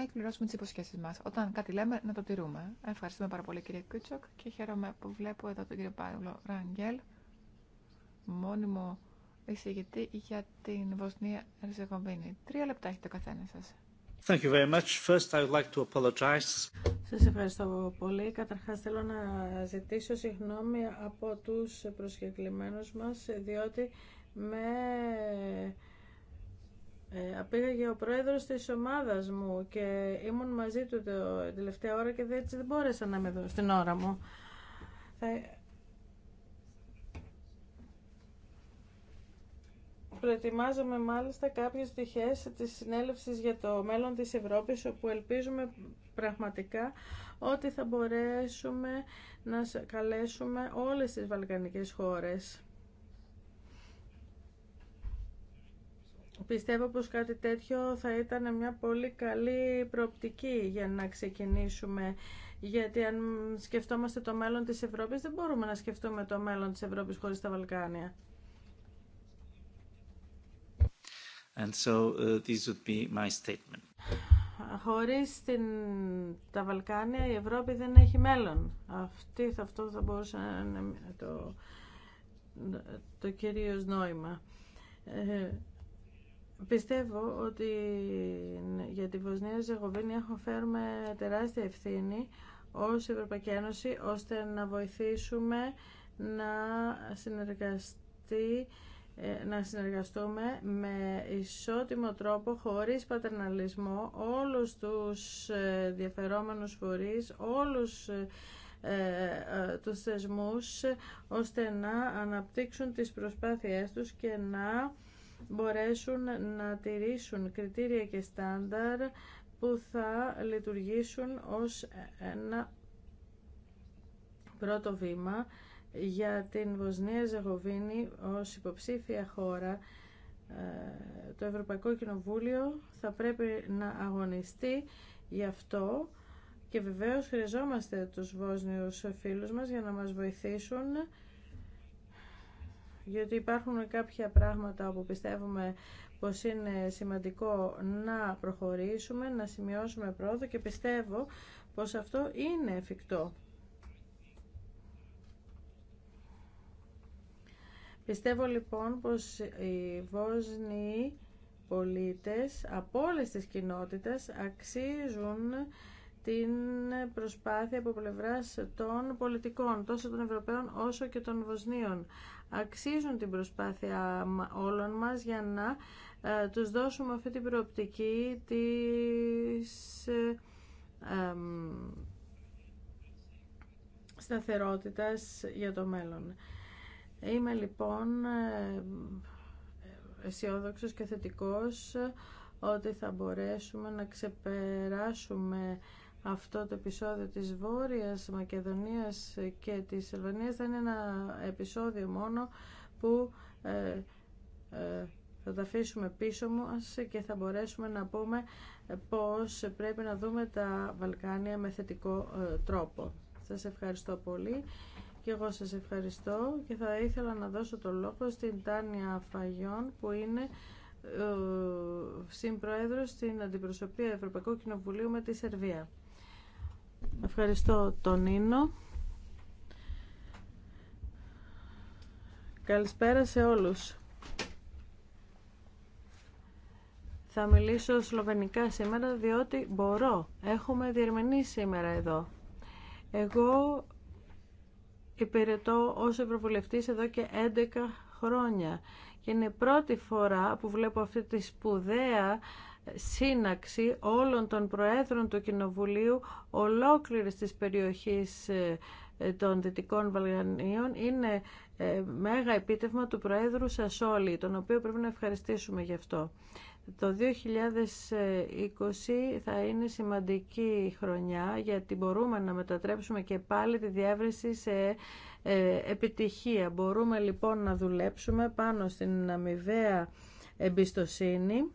εκπληρώσουμε τις υποσχέσει μας. Όταν κάτι λέμε, να το τηρούμε. Ευχαριστούμε πάρα πολύ κύριε Κούτσοκ και χαίρομαι που βλέπω εδώ τον κύριο Παύλο Ραγγέλ μόνιμο εισηγητή για την Βοσνία Ερζεγοβίνη. Τρία λεπτά έχετε ο καθένα σα. Thank you very much. First, I would like to apologize. Σας ευχαριστώ πολύ. Καταρχάς θέλω να ζητήσω συγγνώμη από τους προσκεκλημένους μας, διότι με ε, απήγαγε ο πρόεδρος της ομάδας μου και ήμουν μαζί του την τελευταία ώρα και έτσι δεν μπόρεσα να είμαι εδώ στην ώρα μου. Θα προετοιμάζαμε μάλιστα κάποιες πτυχές της συνέλευσης για το μέλλον της Ευρώπης, όπου ελπίζουμε πραγματικά ότι θα μπορέσουμε να καλέσουμε όλες τις βαλκανικές χώρες. Πιστεύω πως κάτι τέτοιο θα ήταν μια πολύ καλή προοπτική για να ξεκινήσουμε γιατί αν σκεφτόμαστε το μέλλον της Ευρώπης δεν μπορούμε να σκεφτούμε το μέλλον της Ευρώπης χωρίς τα Βαλκάνια. And so uh, this would be my statement. Χωρίς την... τα Βαλκάνια η Ευρώπη δεν έχει μέλλον. Αυτή, αυτό θα μπορούσε να είναι το, το κυρίως νόημα. Ε, πιστεύω ότι για τη Βοσνία Ζεγοβίνη έχω φέρουμε τεράστια ευθύνη ως Ευρωπαϊκή Ένωση ώστε να βοηθήσουμε να συνεργαστεί ε, να συνεργαστούμε με ισότιμο τρόπο, χωρίς πατερναλισμό, όλους τους ε, διαφερόμενους φορείς, όλους ε, τους θεσμούς, ώστε να αναπτύξουν τις προσπάθειές τους και να μπορέσουν να τηρήσουν κριτήρια και στάνταρ που θα λειτουργήσουν ως ένα πρώτο βήμα για την Βοσνία Ζεγοβίνη ως υποψήφια χώρα ε, το Ευρωπαϊκό Κοινοβούλιο θα πρέπει να αγωνιστεί γι' αυτό και βεβαίως χρειαζόμαστε τους Βόσνιους φίλους μας για να μας βοηθήσουν γιατί υπάρχουν κάποια πράγματα όπου πιστεύουμε πως είναι σημαντικό να προχωρήσουμε, να σημειώσουμε πρόοδο και πιστεύω πως αυτό είναι εφικτό. Πιστεύω λοιπόν πως οι Βόσνοι πολίτες από όλες τις κοινότητες αξίζουν την προσπάθεια από πλευράς των πολιτικών, τόσο των Ευρωπαίων όσο και των Βοσνίων. Αξίζουν την προσπάθεια όλων μας για να ε, τους δώσουμε αυτή την προοπτική της σταθερότητας για το μέλλον. Είμαι λοιπόν ε, αισιόδοξος και θετικός ότι θα μπορέσουμε να ξεπεράσουμε αυτό το επεισόδιο της Βόρειας Μακεδονίας και της Ελβανίας. Θα είναι ένα επεισόδιο μόνο που ε, ε, θα τα αφήσουμε πίσω μας και θα μπορέσουμε να πούμε πώς πρέπει να δούμε τα Βαλκάνια με θετικό τρόπο. Σας ευχαριστώ πολύ. Και εγώ σας ευχαριστώ και θα ήθελα να δώσω το λόγο στην Τάνια Φαγιόν που είναι ε, συμπροέδρος στην Αντιπροσωπεία Ευρωπαϊκού Κοινοβουλίου με τη Σερβία. Ευχαριστώ τον Νίνο. Καλησπέρα σε όλους. Θα μιλήσω σλοβενικά σήμερα διότι μπορώ. Έχουμε διερμηνεί σήμερα εδώ. Εγώ υπηρετώ ως Ευρωβουλευτής εδώ και 11 χρόνια και είναι πρώτη φορά που βλέπω αυτή τη σπουδαία σύναξη όλων των προέδρων του Κοινοβουλίου ολόκληρης της περιοχής ε, ε, των Δυτικών Βαλκανίων είναι ε, μέγα επίτευγμα του Προέδρου Σασόλη, τον οποίο πρέπει να ευχαριστήσουμε γι' αυτό. Το 2020 θα είναι σημαντική χρονιά γιατί μπορούμε να μετατρέψουμε και πάλι τη διεύρυνση σε ε, επιτυχία. Μπορούμε λοιπόν να δουλέψουμε πάνω στην αμοιβαία εμπιστοσύνη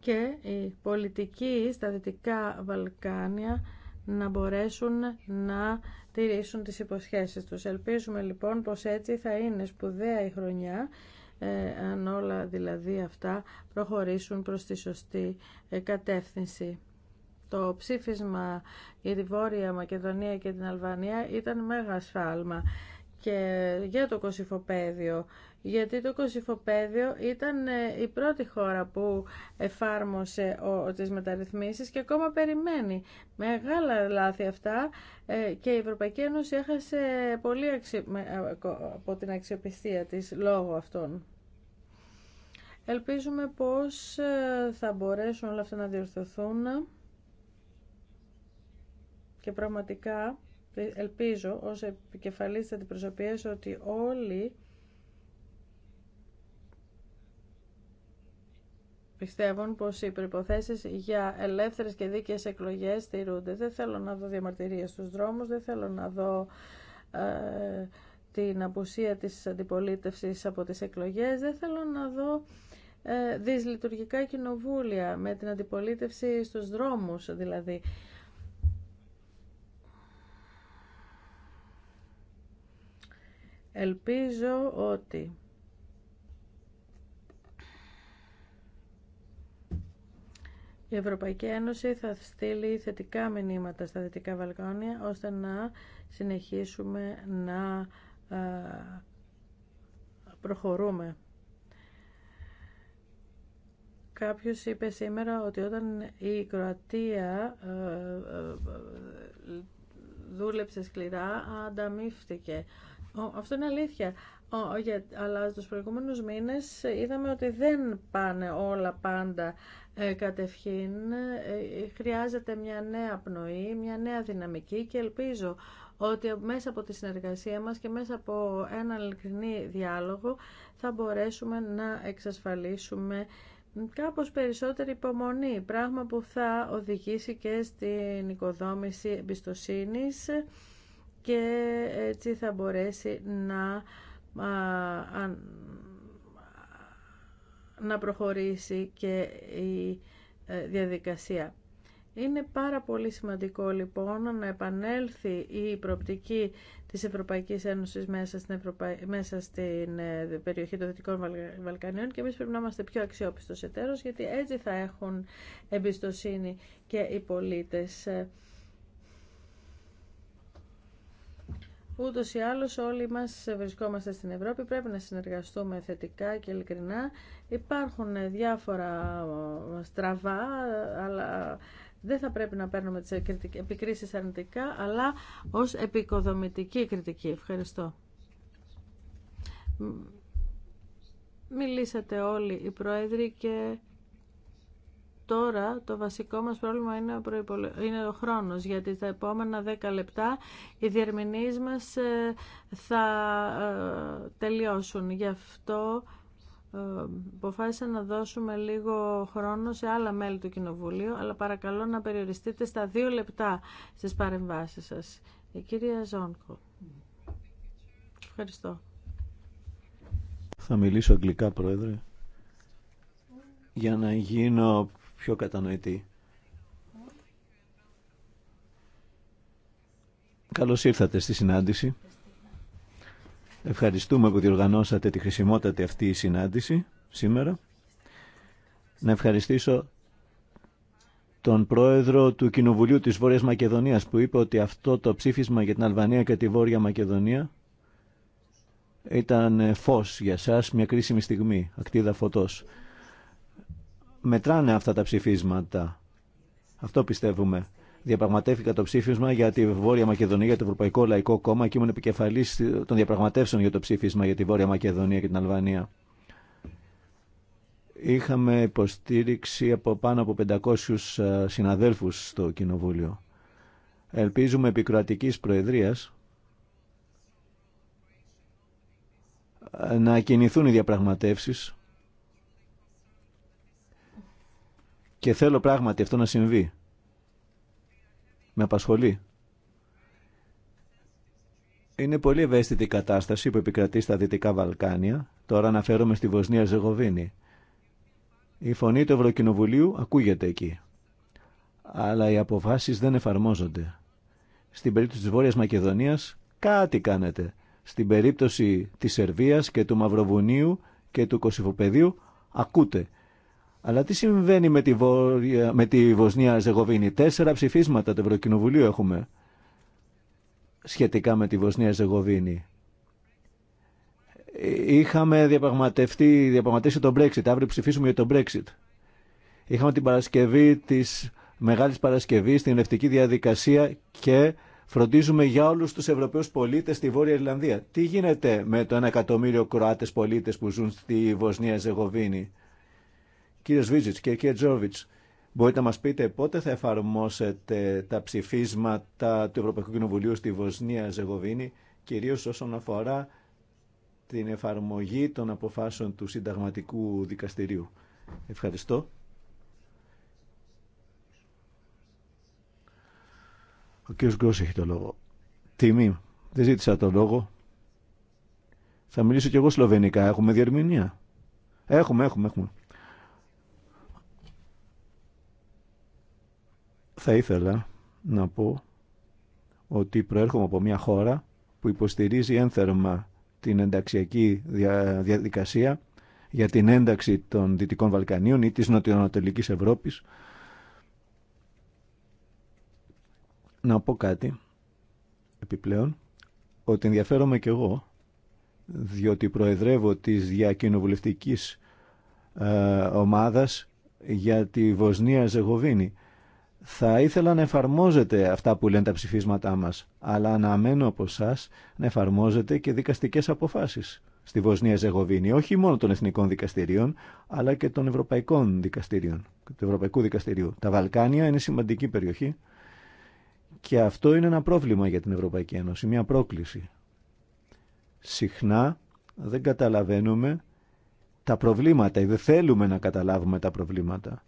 και οι πολιτικοί στα Δυτικά Βαλκάνια να μπορέσουν να τηρήσουν τις υποσχέσεις τους. Ελπίζουμε λοιπόν πως έτσι θα είναι σπουδαία η χρονιά ε, αν όλα δηλαδή αυτά προχωρήσουν προς τη σωστή ε, κατεύθυνση. Το ψήφισμα για τη Βόρεια Μακεδονία και την Αλβανία ήταν μεγάλο σφάλμα και για το κοσυφοπαίδιο γιατί το Κωσυφοπαίδιο ήταν ε, η πρώτη χώρα που εφάρμοσε ο, τις μεταρρυθμίσεις και ακόμα περιμένει. Μεγάλα λάθη αυτά ε, και η Ευρωπαϊκή Ένωση έχασε πολύ από την αξιοπιστία της λόγω αυτών. Ελπίζουμε πως ε, θα μπορέσουν όλα αυτά να διορθωθούν και πραγματικά ελπίζω ως επικεφαλής της αντιπροσωπείας ότι όλοι πιστεύουν πως οι προϋποθέσεις για ελεύθερες και δίκαιες εκλογές στηρούνται. Δεν θέλω να δω διαμαρτυρία στους δρόμους, δεν θέλω να δω ε, την απουσία της αντιπολίτευσης από τις εκλογές, δεν θέλω να δω ε, δυσλειτουργικά κοινοβούλια με την αντιπολίτευση στους δρόμους δηλαδή. Ελπίζω ότι Η Ευρωπαϊκή Ένωση θα στείλει θετικά μηνύματα στα Δυτικά Βαλκάνια ώστε να συνεχίσουμε να ε, προχωρούμε. Κάποιος είπε σήμερα ότι όταν η Κροατία ε, ε, δούλεψε σκληρά ανταμείφθηκε. Αυτό είναι αλήθεια αλλά στους προηγούμενους μήνες είδαμε ότι δεν πάνε όλα πάντα ε, κατευχήν. Ε, χρειάζεται μια νέα πνοή, μια νέα δυναμική και ελπίζω ότι μέσα από τη συνεργασία μας και μέσα από ένα ειλικρινή διάλογο θα μπορέσουμε να εξασφαλίσουμε κάπως περισσότερη υπομονή, πράγμα που θα οδηγήσει και στην οικοδόμηση εμπιστοσύνης και έτσι θα μπορέσει να να προχωρήσει και η ε, διαδικασία. Είναι πάρα πολύ σημαντικό λοιπόν να επανέλθει η προοπτική της Ευρωπαϊκής Ένωσης μέσα στην, ε, περιοχή των Δυτικών Βαλκανίων και εμείς πρέπει να είμαστε πιο αξιόπιστος εταίρος γιατί έτσι θα έχουν εμπιστοσύνη και οι πολίτες. Ε, Ούτω ή άλλω, όλοι μας βρισκόμαστε στην Ευρώπη, πρέπει να συνεργαστούμε θετικά και ειλικρινά. Υπάρχουν διάφορα ε, στραβά, αλλά δεν θα πρέπει να παίρνουμε τις επικρίσεις αρνητικά, αλλά ως επικοδομητική κριτική. Ευχαριστώ. Μιλήσατε όλοι οι πρόεδροι και Τώρα το βασικό μας πρόβλημα είναι ο, προϋπολο... είναι χρόνος, γιατί τα επόμενα δέκα λεπτά οι διερμηνείς μας ε, θα ε, τελειώσουν. Γι' αυτό ε, αποφάσισα να δώσουμε λίγο χρόνο σε άλλα μέλη του Κοινοβουλίου, αλλά παρακαλώ να περιοριστείτε στα δύο λεπτά στις παρεμβάσεις σας. Η κυρία Ζόνκο. Ευχαριστώ. Θα μιλήσω αγγλικά, Πρόεδρε, για να γίνω πιο κατανοητή. Καλώς ήρθατε στη συνάντηση. Ευχαριστούμε που διοργανώσατε τη χρησιμότατη αυτή η συνάντηση σήμερα. Να ευχαριστήσω τον πρόεδρο του Κοινοβουλίου της Βόρειας Μακεδονίας που είπε ότι αυτό το ψήφισμα για την Αλβανία και τη Βόρεια Μακεδονία ήταν φως για σας μια κρίσιμη στιγμή, ακτίδα φωτός μετράνε αυτά τα ψηφίσματα. Αυτό πιστεύουμε. Διαπραγματεύτηκα το ψήφισμα για τη Βόρεια Μακεδονία, για το Ευρωπαϊκό Λαϊκό Κόμμα και ήμουν επικεφαλή των διαπραγματεύσεων για το ψήφισμα για τη Βόρεια Μακεδονία και την Αλβανία. Είχαμε υποστήριξη από πάνω από 500 ε, συναδέλφους στο Κοινοβούλιο. Ελπίζουμε επί προεδρία ε, να κινηθούν οι διαπραγματεύσεις Και θέλω πράγματι αυτό να συμβεί. Με απασχολεί. Είναι πολύ ευαίσθητη η κατάσταση που επικρατεί στα Δυτικά Βαλκάνια. Τώρα αναφέρομαι στη Βοσνία Ζεγοβίνη. Η φωνή του Ευρωκοινοβουλίου ακούγεται εκεί. Αλλά οι αποφάσει δεν εφαρμόζονται. Στην περίπτωση τη βόρεια Μακεδονία, κάτι κάνετε. Στην περίπτωση τη Σερβία και του Μαυροβουνίου και του Κωσυφοπεδίου ακούτε. Αλλά τι συμβαίνει με τη, με τη Βοσνία Ζεγοβίνη. Τέσσερα ψηφίσματα του Ευρωκοινοβουλίου έχουμε σχετικά με τη Βοσνία Ζεγοβίνη. Είχαμε διαπραγματευτεί, διαπραγματεύσει τον Brexit. Αύριο ψηφίσουμε για τον Brexit. Είχαμε την Παρασκευή της μεγάλη Παρασκευής, την ελευτική διαδικασία και φροντίζουμε για όλους τους Ευρωπαίους πολίτες στη Βόρεια Ιρλανδία. Τι γίνεται με το 1 εκατομμύριο Κροάτες πολίτες που ζουν στη Βοσνία Ζεγοβίνη. Κύριε Σβίτζιτς και κύριε Τζόβιτ, μπορείτε να μας πείτε πότε θα εφαρμόσετε τα ψηφίσματα του Ευρωπαϊκού Κοινοβουλίου στη Βοσνία Ζεγοβίνη, κυρίως όσον αφορά την εφαρμογή των αποφάσεων του Συνταγματικού Δικαστηρίου. Ευχαριστώ. Ο κ. Γκρός έχει το λόγο. Τιμή. Δεν ζήτησα το λόγο. Θα μιλήσω κι εγώ σλοβενικά. Έχουμε διερμηνία. Έχουμε, έχουμε, έχουμε. Θα ήθελα να πω ότι προέρχομαι από μια χώρα που υποστηρίζει ένθερμα την ενταξιακή διαδικασία για την ένταξη των Δυτικών Βαλκανίων ή της Νοτιοανατολικής Ευρώπης. Να πω κάτι επιπλέον, ότι ενδιαφέρομαι και εγώ, διότι προεδρεύω της διακοινοβουλευτικής ε, ομάδας για τη Βοσνία-Ζεγοβίνη θα ήθελα να εφαρμόζετε αυτά που λένε τα ψηφίσματά μας, αλλά αναμένω από εσά να εφαρμόζετε και δικαστικές αποφάσεις στη Βοσνία Ζεγοβίνη, όχι μόνο των εθνικών δικαστηρίων, αλλά και των ευρωπαϊκών δικαστηρίων, του Ευρωπαϊκού Δικαστηρίου. Τα Βαλκάνια είναι σημαντική περιοχή και αυτό είναι ένα πρόβλημα για την Ευρωπαϊκή Ένωση, μια πρόκληση. Συχνά δεν καταλαβαίνουμε τα προβλήματα ή δεν θέλουμε να καταλάβουμε τα προβλήματα,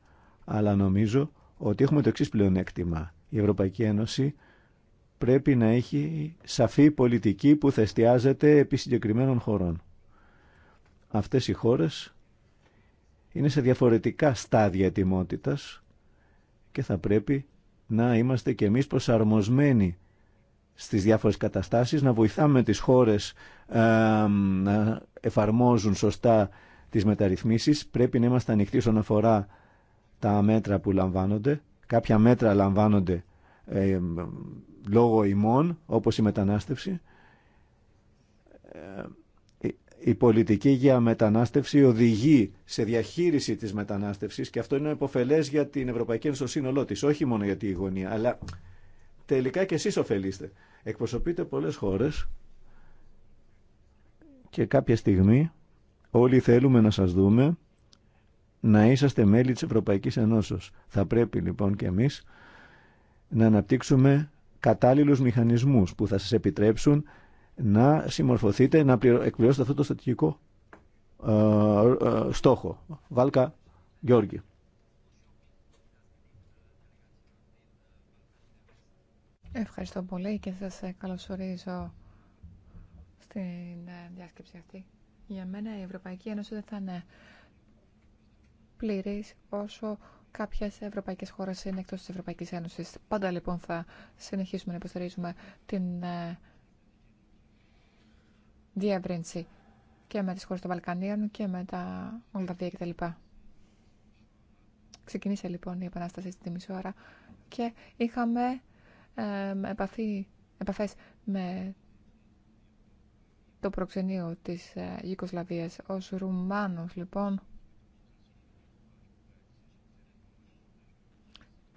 αλλά νομίζω ότι έχουμε το εξή πλεονέκτημα. Η Ευρωπαϊκή Ένωση πρέπει να έχει σαφή πολιτική που θεστιάζεται επί συγκεκριμένων χωρών. Αυτές οι χώρες είναι σε διαφορετικά στάδια ετοιμότητας και θα πρέπει να είμαστε και εμείς προσαρμοσμένοι στις διάφορες καταστάσεις, να βοηθάμε τις χώρες ε, να εφαρμόζουν σωστά τις μεταρρυθμίσεις. Πρέπει να είμαστε ανοιχτοί όσον αφορά τα μέτρα που λαμβάνονται. Κάποια μέτρα λαμβάνονται ε, λόγω ημών, όπως η μετανάστευση. Ε, η πολιτική για μετανάστευση οδηγεί σε διαχείριση της μετανάστευσης και αυτό είναι υποφελές για την Ευρωπαϊκή Ένωση στο σύνολό της, όχι μόνο για τη γωνία, αλλά τελικά και εσείς ωφελείστε. Εκπροσωπείτε πολλές χώρες και κάποια στιγμή όλοι θέλουμε να σας δούμε να είσαστε μέλη της Ευρωπαϊκής Ενώσεως. Θα πρέπει λοιπόν και εμείς να αναπτύξουμε κατάλληλους μηχανισμούς που θα σας επιτρέψουν να συμμορφωθείτε, να εκπληρώσετε αυτό το στατικικό ε, ε, στόχο. Βάλκα Γιώργη. Ευχαριστώ πολύ και σας ε, καλωσορίζω στην διάσκεψη αυτή. Για μένα η Ευρωπαϊκή Ένωση δεν θα είναι πλήρη όσο κάποιες ευρωπαϊκές χώρες είναι εκτός τη Ευρωπαϊκής Ένωσης. Πάντα λοιπόν θα συνεχίσουμε να υποστηρίζουμε την ε, διεύρυνση και με τι χώρες των Βαλκανίων και με τα Μολδαβία κτλ. Ξεκινήσε λοιπόν η επανάσταση στη ώρα και είχαμε ε, επαφές με το προξενείο της ε, Ιουκοσλαβίας ως Ρουμάνος λοιπόν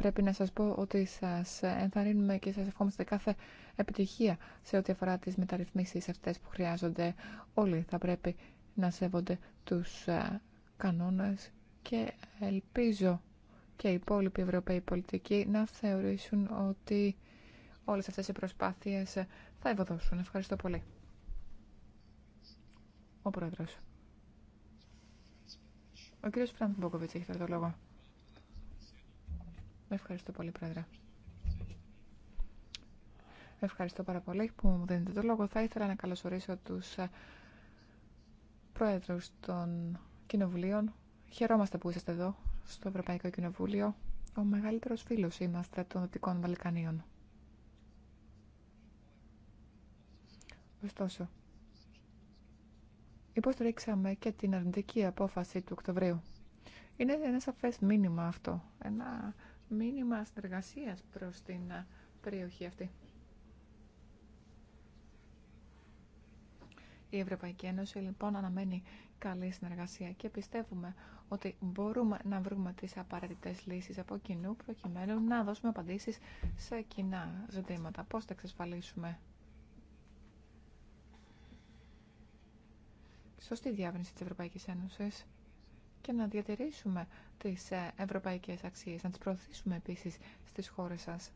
πρέπει να σας πω ότι σας ενθαρρύνουμε και σας ευχόμαστε κάθε επιτυχία σε ό,τι αφορά τις μεταρρυθμίσεις αυτές που χρειάζονται. Όλοι θα πρέπει να σέβονται τους ε, κανόνες και ελπίζω και οι υπόλοιποι Ευρωπαίοι πολιτικοί να θεωρήσουν ότι όλες αυτές οι προσπάθειες θα ευωδώσουν. Ευχαριστώ πολύ. Ο Πρόεδρος. Ο κύριος Φραντμποκοβιτς έχει το λόγο. Ευχαριστώ πολύ, Πρόεδρε. Ευχαριστώ πάρα πολύ που μου δίνετε το λόγο. Θα ήθελα να καλωσορίσω τους ε, Πρόεδρους των Κοινοβουλίων. Χαιρόμαστε που είσαστε εδώ, στο Ευρωπαϊκό Κοινοβούλιο. Ο μεγαλύτερος φίλος είμαστε των Δυτικών Βαλκανίων. Ωστόσο, υποστηρίξαμε και την αρνητική απόφαση του Οκτωβρίου. Είναι ένα σαφές μήνυμα αυτό. Ένα μήνυμα συνεργασία προς την ε, περιοχή αυτή. Η Ευρωπαϊκή Ένωση λοιπόν αναμένει καλή συνεργασία και πιστεύουμε ότι μπορούμε να βρούμε τις απαραίτητες λύσεις από κοινού προκειμένου να δώσουμε απαντήσεις σε κοινά ζητήματα. Πώς θα εξασφαλίσουμε σωστή διάβρυνση της Ευρωπαϊκής Ένωσης και να διατηρήσουμε τις ε, ευρωπαϊκές αξίες, να τις προωθήσουμε επίσης στις χώρες σας.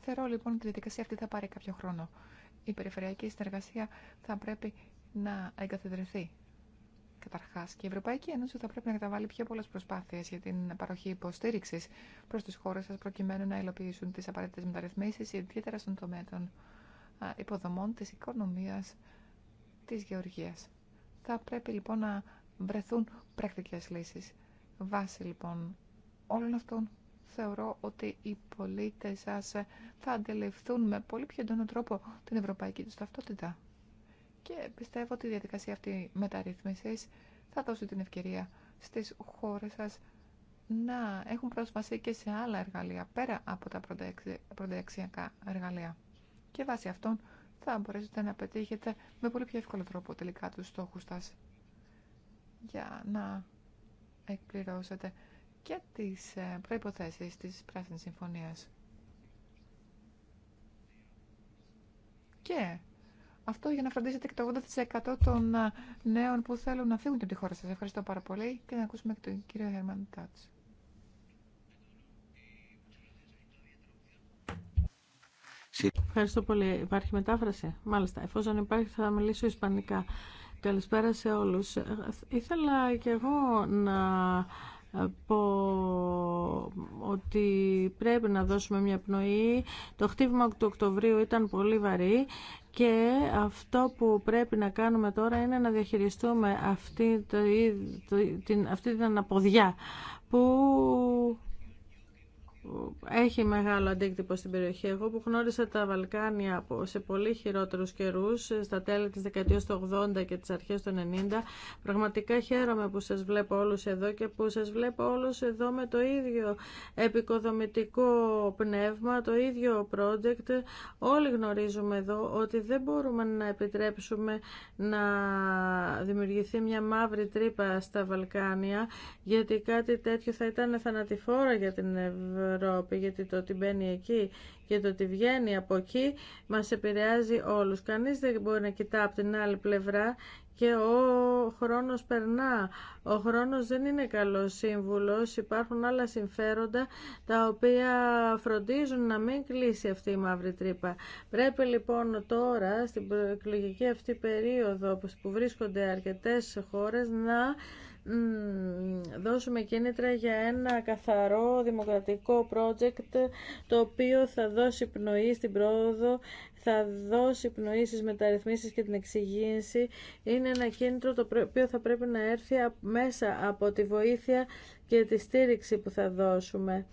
Θεωρώ λοιπόν ότι η διαδικασία αυτή θα πάρει κάποιο χρόνο. Η περιφερειακή συνεργασία θα πρέπει να εγκαθιδρυθεί. Καταρχά, και η Ευρωπαϊκή Ένωση θα πρέπει να καταβάλει πιο πολλέ προσπάθειε για την παροχή υποστήριξη προ τι χώρε σα προκειμένου να υλοποιήσουν τι απαραίτητε μεταρρυθμίσει, ιδιαίτερα στον τομέα των υποδομών, τη οικονομία, τη γεωργία. Θα πρέπει λοιπόν να βρεθούν πρακτικές λύσεις. Βάσει λοιπόν όλων αυτών θεωρώ ότι οι πολίτες σας θα αντιληφθούν με πολύ πιο εντόνο τρόπο την ευρωπαϊκή τους ταυτότητα. Και πιστεύω ότι η διαδικασία αυτή μεταρρύθμισης θα δώσει την ευκαιρία στις χώρες σας να έχουν πρόσβαση και σε άλλα εργαλεία πέρα από τα πρωτεξιακά εργαλεία. Και βάσει αυτών θα μπορέσετε να πετύχετε με πολύ πιο εύκολο τρόπο τελικά τους στόχους σας για να εκπληρώσετε και τις ε, προϋποθέσεις της Πράσινης Συμφωνίας. Και αυτό για να φροντίσετε και το 80% των ε, νέων που θέλουν να φύγουν από τη χώρα σας. Ευχαριστώ πάρα πολύ και να ακούσουμε και τον κύριο Χερμαν Τάτς. Ευχαριστώ πολύ. Υπάρχει μετάφραση. Μάλιστα. Εφόσον υπάρχει θα μιλήσω ισπανικά. Καλησπέρα σε όλους. Ήθελα και εγώ να πω ότι πρέπει να δώσουμε μια πνοή. Το χτύπημα του Οκτωβρίου ήταν πολύ βαρύ και αυτό που πρέπει να κάνουμε τώρα είναι να διαχειριστούμε αυτή, την, αυτή την αναποδιά που έχει μεγάλο αντίκτυπο στην περιοχή. Εγώ που γνώρισα τα Βαλκάνια σε πολύ χειρότερους καιρούς, στα τέλη της δεκαετίας του 80 και τις αρχές του 90, πραγματικά χαίρομαι που σας βλέπω όλους εδώ και που σας βλέπω όλους εδώ με το ίδιο επικοδομητικό πνεύμα, το ίδιο project. Όλοι γνωρίζουμε εδώ ότι δεν μπορούμε να επιτρέψουμε να δημιουργηθεί μια μαύρη τρύπα στα Βαλκάνια, γιατί κάτι τέτοιο θα ήταν θανατηφόρο για την Ευρώπη γιατί το ότι μπαίνει εκεί και το ότι βγαίνει από εκεί μας επηρεάζει όλους. Κανείς δεν μπορεί να κοιτά από την άλλη πλευρά και ο χρόνος περνά. Ο χρόνος δεν είναι καλός σύμβουλος, υπάρχουν άλλα συμφέροντα τα οποία φροντίζουν να μην κλείσει αυτή η μαύρη τρύπα. Πρέπει λοιπόν τώρα στην εκλογική αυτή περίοδο που βρίσκονται αρκετές χώρες να δώσουμε κίνητρα για ένα καθαρό δημοκρατικό project το οποίο θα δώσει πνοή στην πρόοδο, θα δώσει πνοή στις μεταρρυθμίσεις και την εξυγίανση. Είναι ένα κίνητρο το οποίο θα πρέπει να έρθει μέσα από τη βοήθεια και τη στήριξη που θα δώσουμε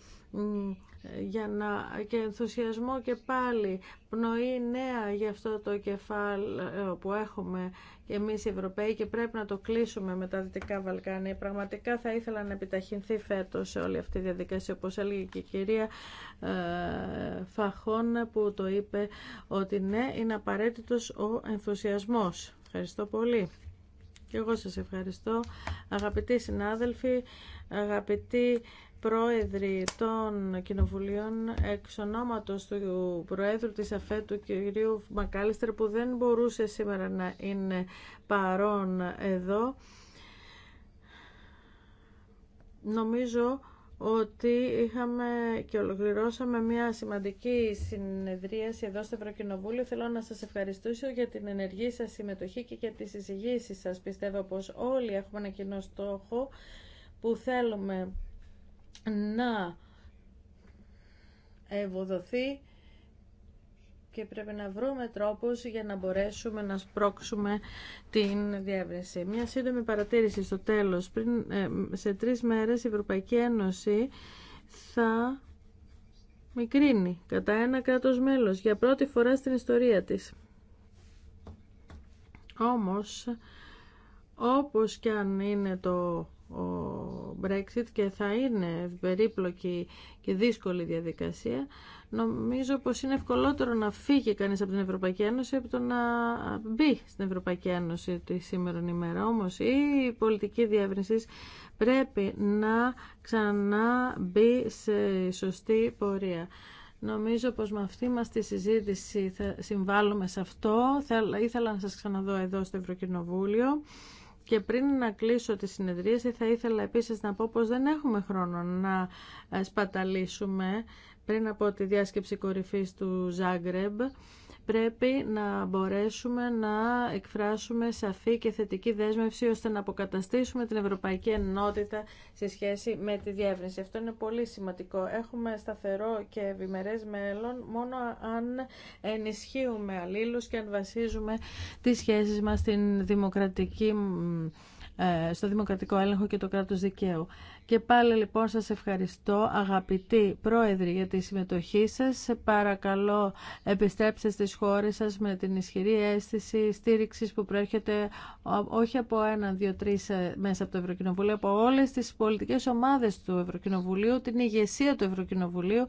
για να, και ενθουσιασμό και πάλι πνοή νέα για αυτό το κεφάλαιο που έχουμε εμείς οι Ευρωπαίοι και πρέπει να το κλείσουμε με τα Δυτικά Βαλκάνια. Πραγματικά θα ήθελα να επιταχυνθεί φέτος όλη αυτή τη διαδικασία, όπως έλεγε και η κυρία ε, Φαχών που το είπε ότι ναι, είναι απαραίτητος ο ενθουσιασμός. Ευχαριστώ πολύ. Και εγώ σας ευχαριστώ αγαπητοί συνάδελφοι, αγαπητοί πρόεδροι των κοινοβουλίων εξ ονόματος του Προέδρου της ΑΦΕ του κ. Μακάλιστερ που δεν μπορούσε σήμερα να είναι παρόν εδώ. Νομίζω ότι είχαμε και ολοκληρώσαμε μια σημαντική συνεδρίαση εδώ στο Ευρωκοινοβούλιο. Θέλω να σας ευχαριστήσω για την ενεργή σας συμμετοχή και για τις εισηγήσεις σας. Πιστεύω πως όλοι έχουμε ένα κοινό στόχο που θέλουμε να ευοδοθεί και πρέπει να βρούμε τρόπους για να μπορέσουμε να σπρώξουμε την διεύρυνση. Μια σύντομη παρατήρηση στο τέλος. Πριν, ε, σε τρεις μέρες η Ευρωπαϊκή Ένωση θα μικρύνει κατά ένα κράτος μέλος για πρώτη φορά στην ιστορία της. Όμως, όπως και αν είναι το ο Brexit και θα είναι περίπλοκη και δύσκολη διαδικασία, νομίζω πως είναι ευκολότερο να φύγει κανείς από την Ευρωπαϊκή Ένωση από το να μπει στην Ευρωπαϊκή Ένωση τη σήμερα ημέρα. Όμως η πολιτική διεύρυνση πρέπει να ξαναμπεί σε σωστή πορεία. Νομίζω πως με αυτή μας τη συζήτηση θα συμβάλλουμε σε αυτό. Ήθελα να σας ξαναδώ εδώ στο Ευρωκοινοβούλιο. Και πριν να κλείσω τη συνεδρίαση θα ήθελα επίσης να πω πως δεν έχουμε χρόνο να ε, σπαταλήσουμε πριν από τη διάσκεψη κορυφής του Ζάγκρεμπ πρέπει να μπορέσουμε να εκφράσουμε σαφή και θετική δέσμευση ώστε να αποκαταστήσουμε την ευρωπαϊκή ενότητα σε σχέση με τη διεύρυνση. Αυτό είναι πολύ σημαντικό. Έχουμε σταθερό και ευημερές μέλλον μόνο αν ενισχύουμε αλλήλους και αν βασίζουμε τις σχέσεις μας στην δημοκρατική ε, στο δημοκρατικό έλεγχο και το κράτος δικαίου. Και πάλι λοιπόν σας ευχαριστώ αγαπητοί πρόεδροι για τη συμμετοχή σας. Σε παρακαλώ επιστρέψτε στις χώρες σας με την ισχυρή αίσθηση στήριξης που προέρχεται όχι από ένα, δύο, τρει ε, μέσα από το Ευρωκοινοβούλιο, από όλες τις πολιτικές ομάδες του Ευρωκοινοβουλίου, την ηγεσία του Ευρωκοινοβουλίου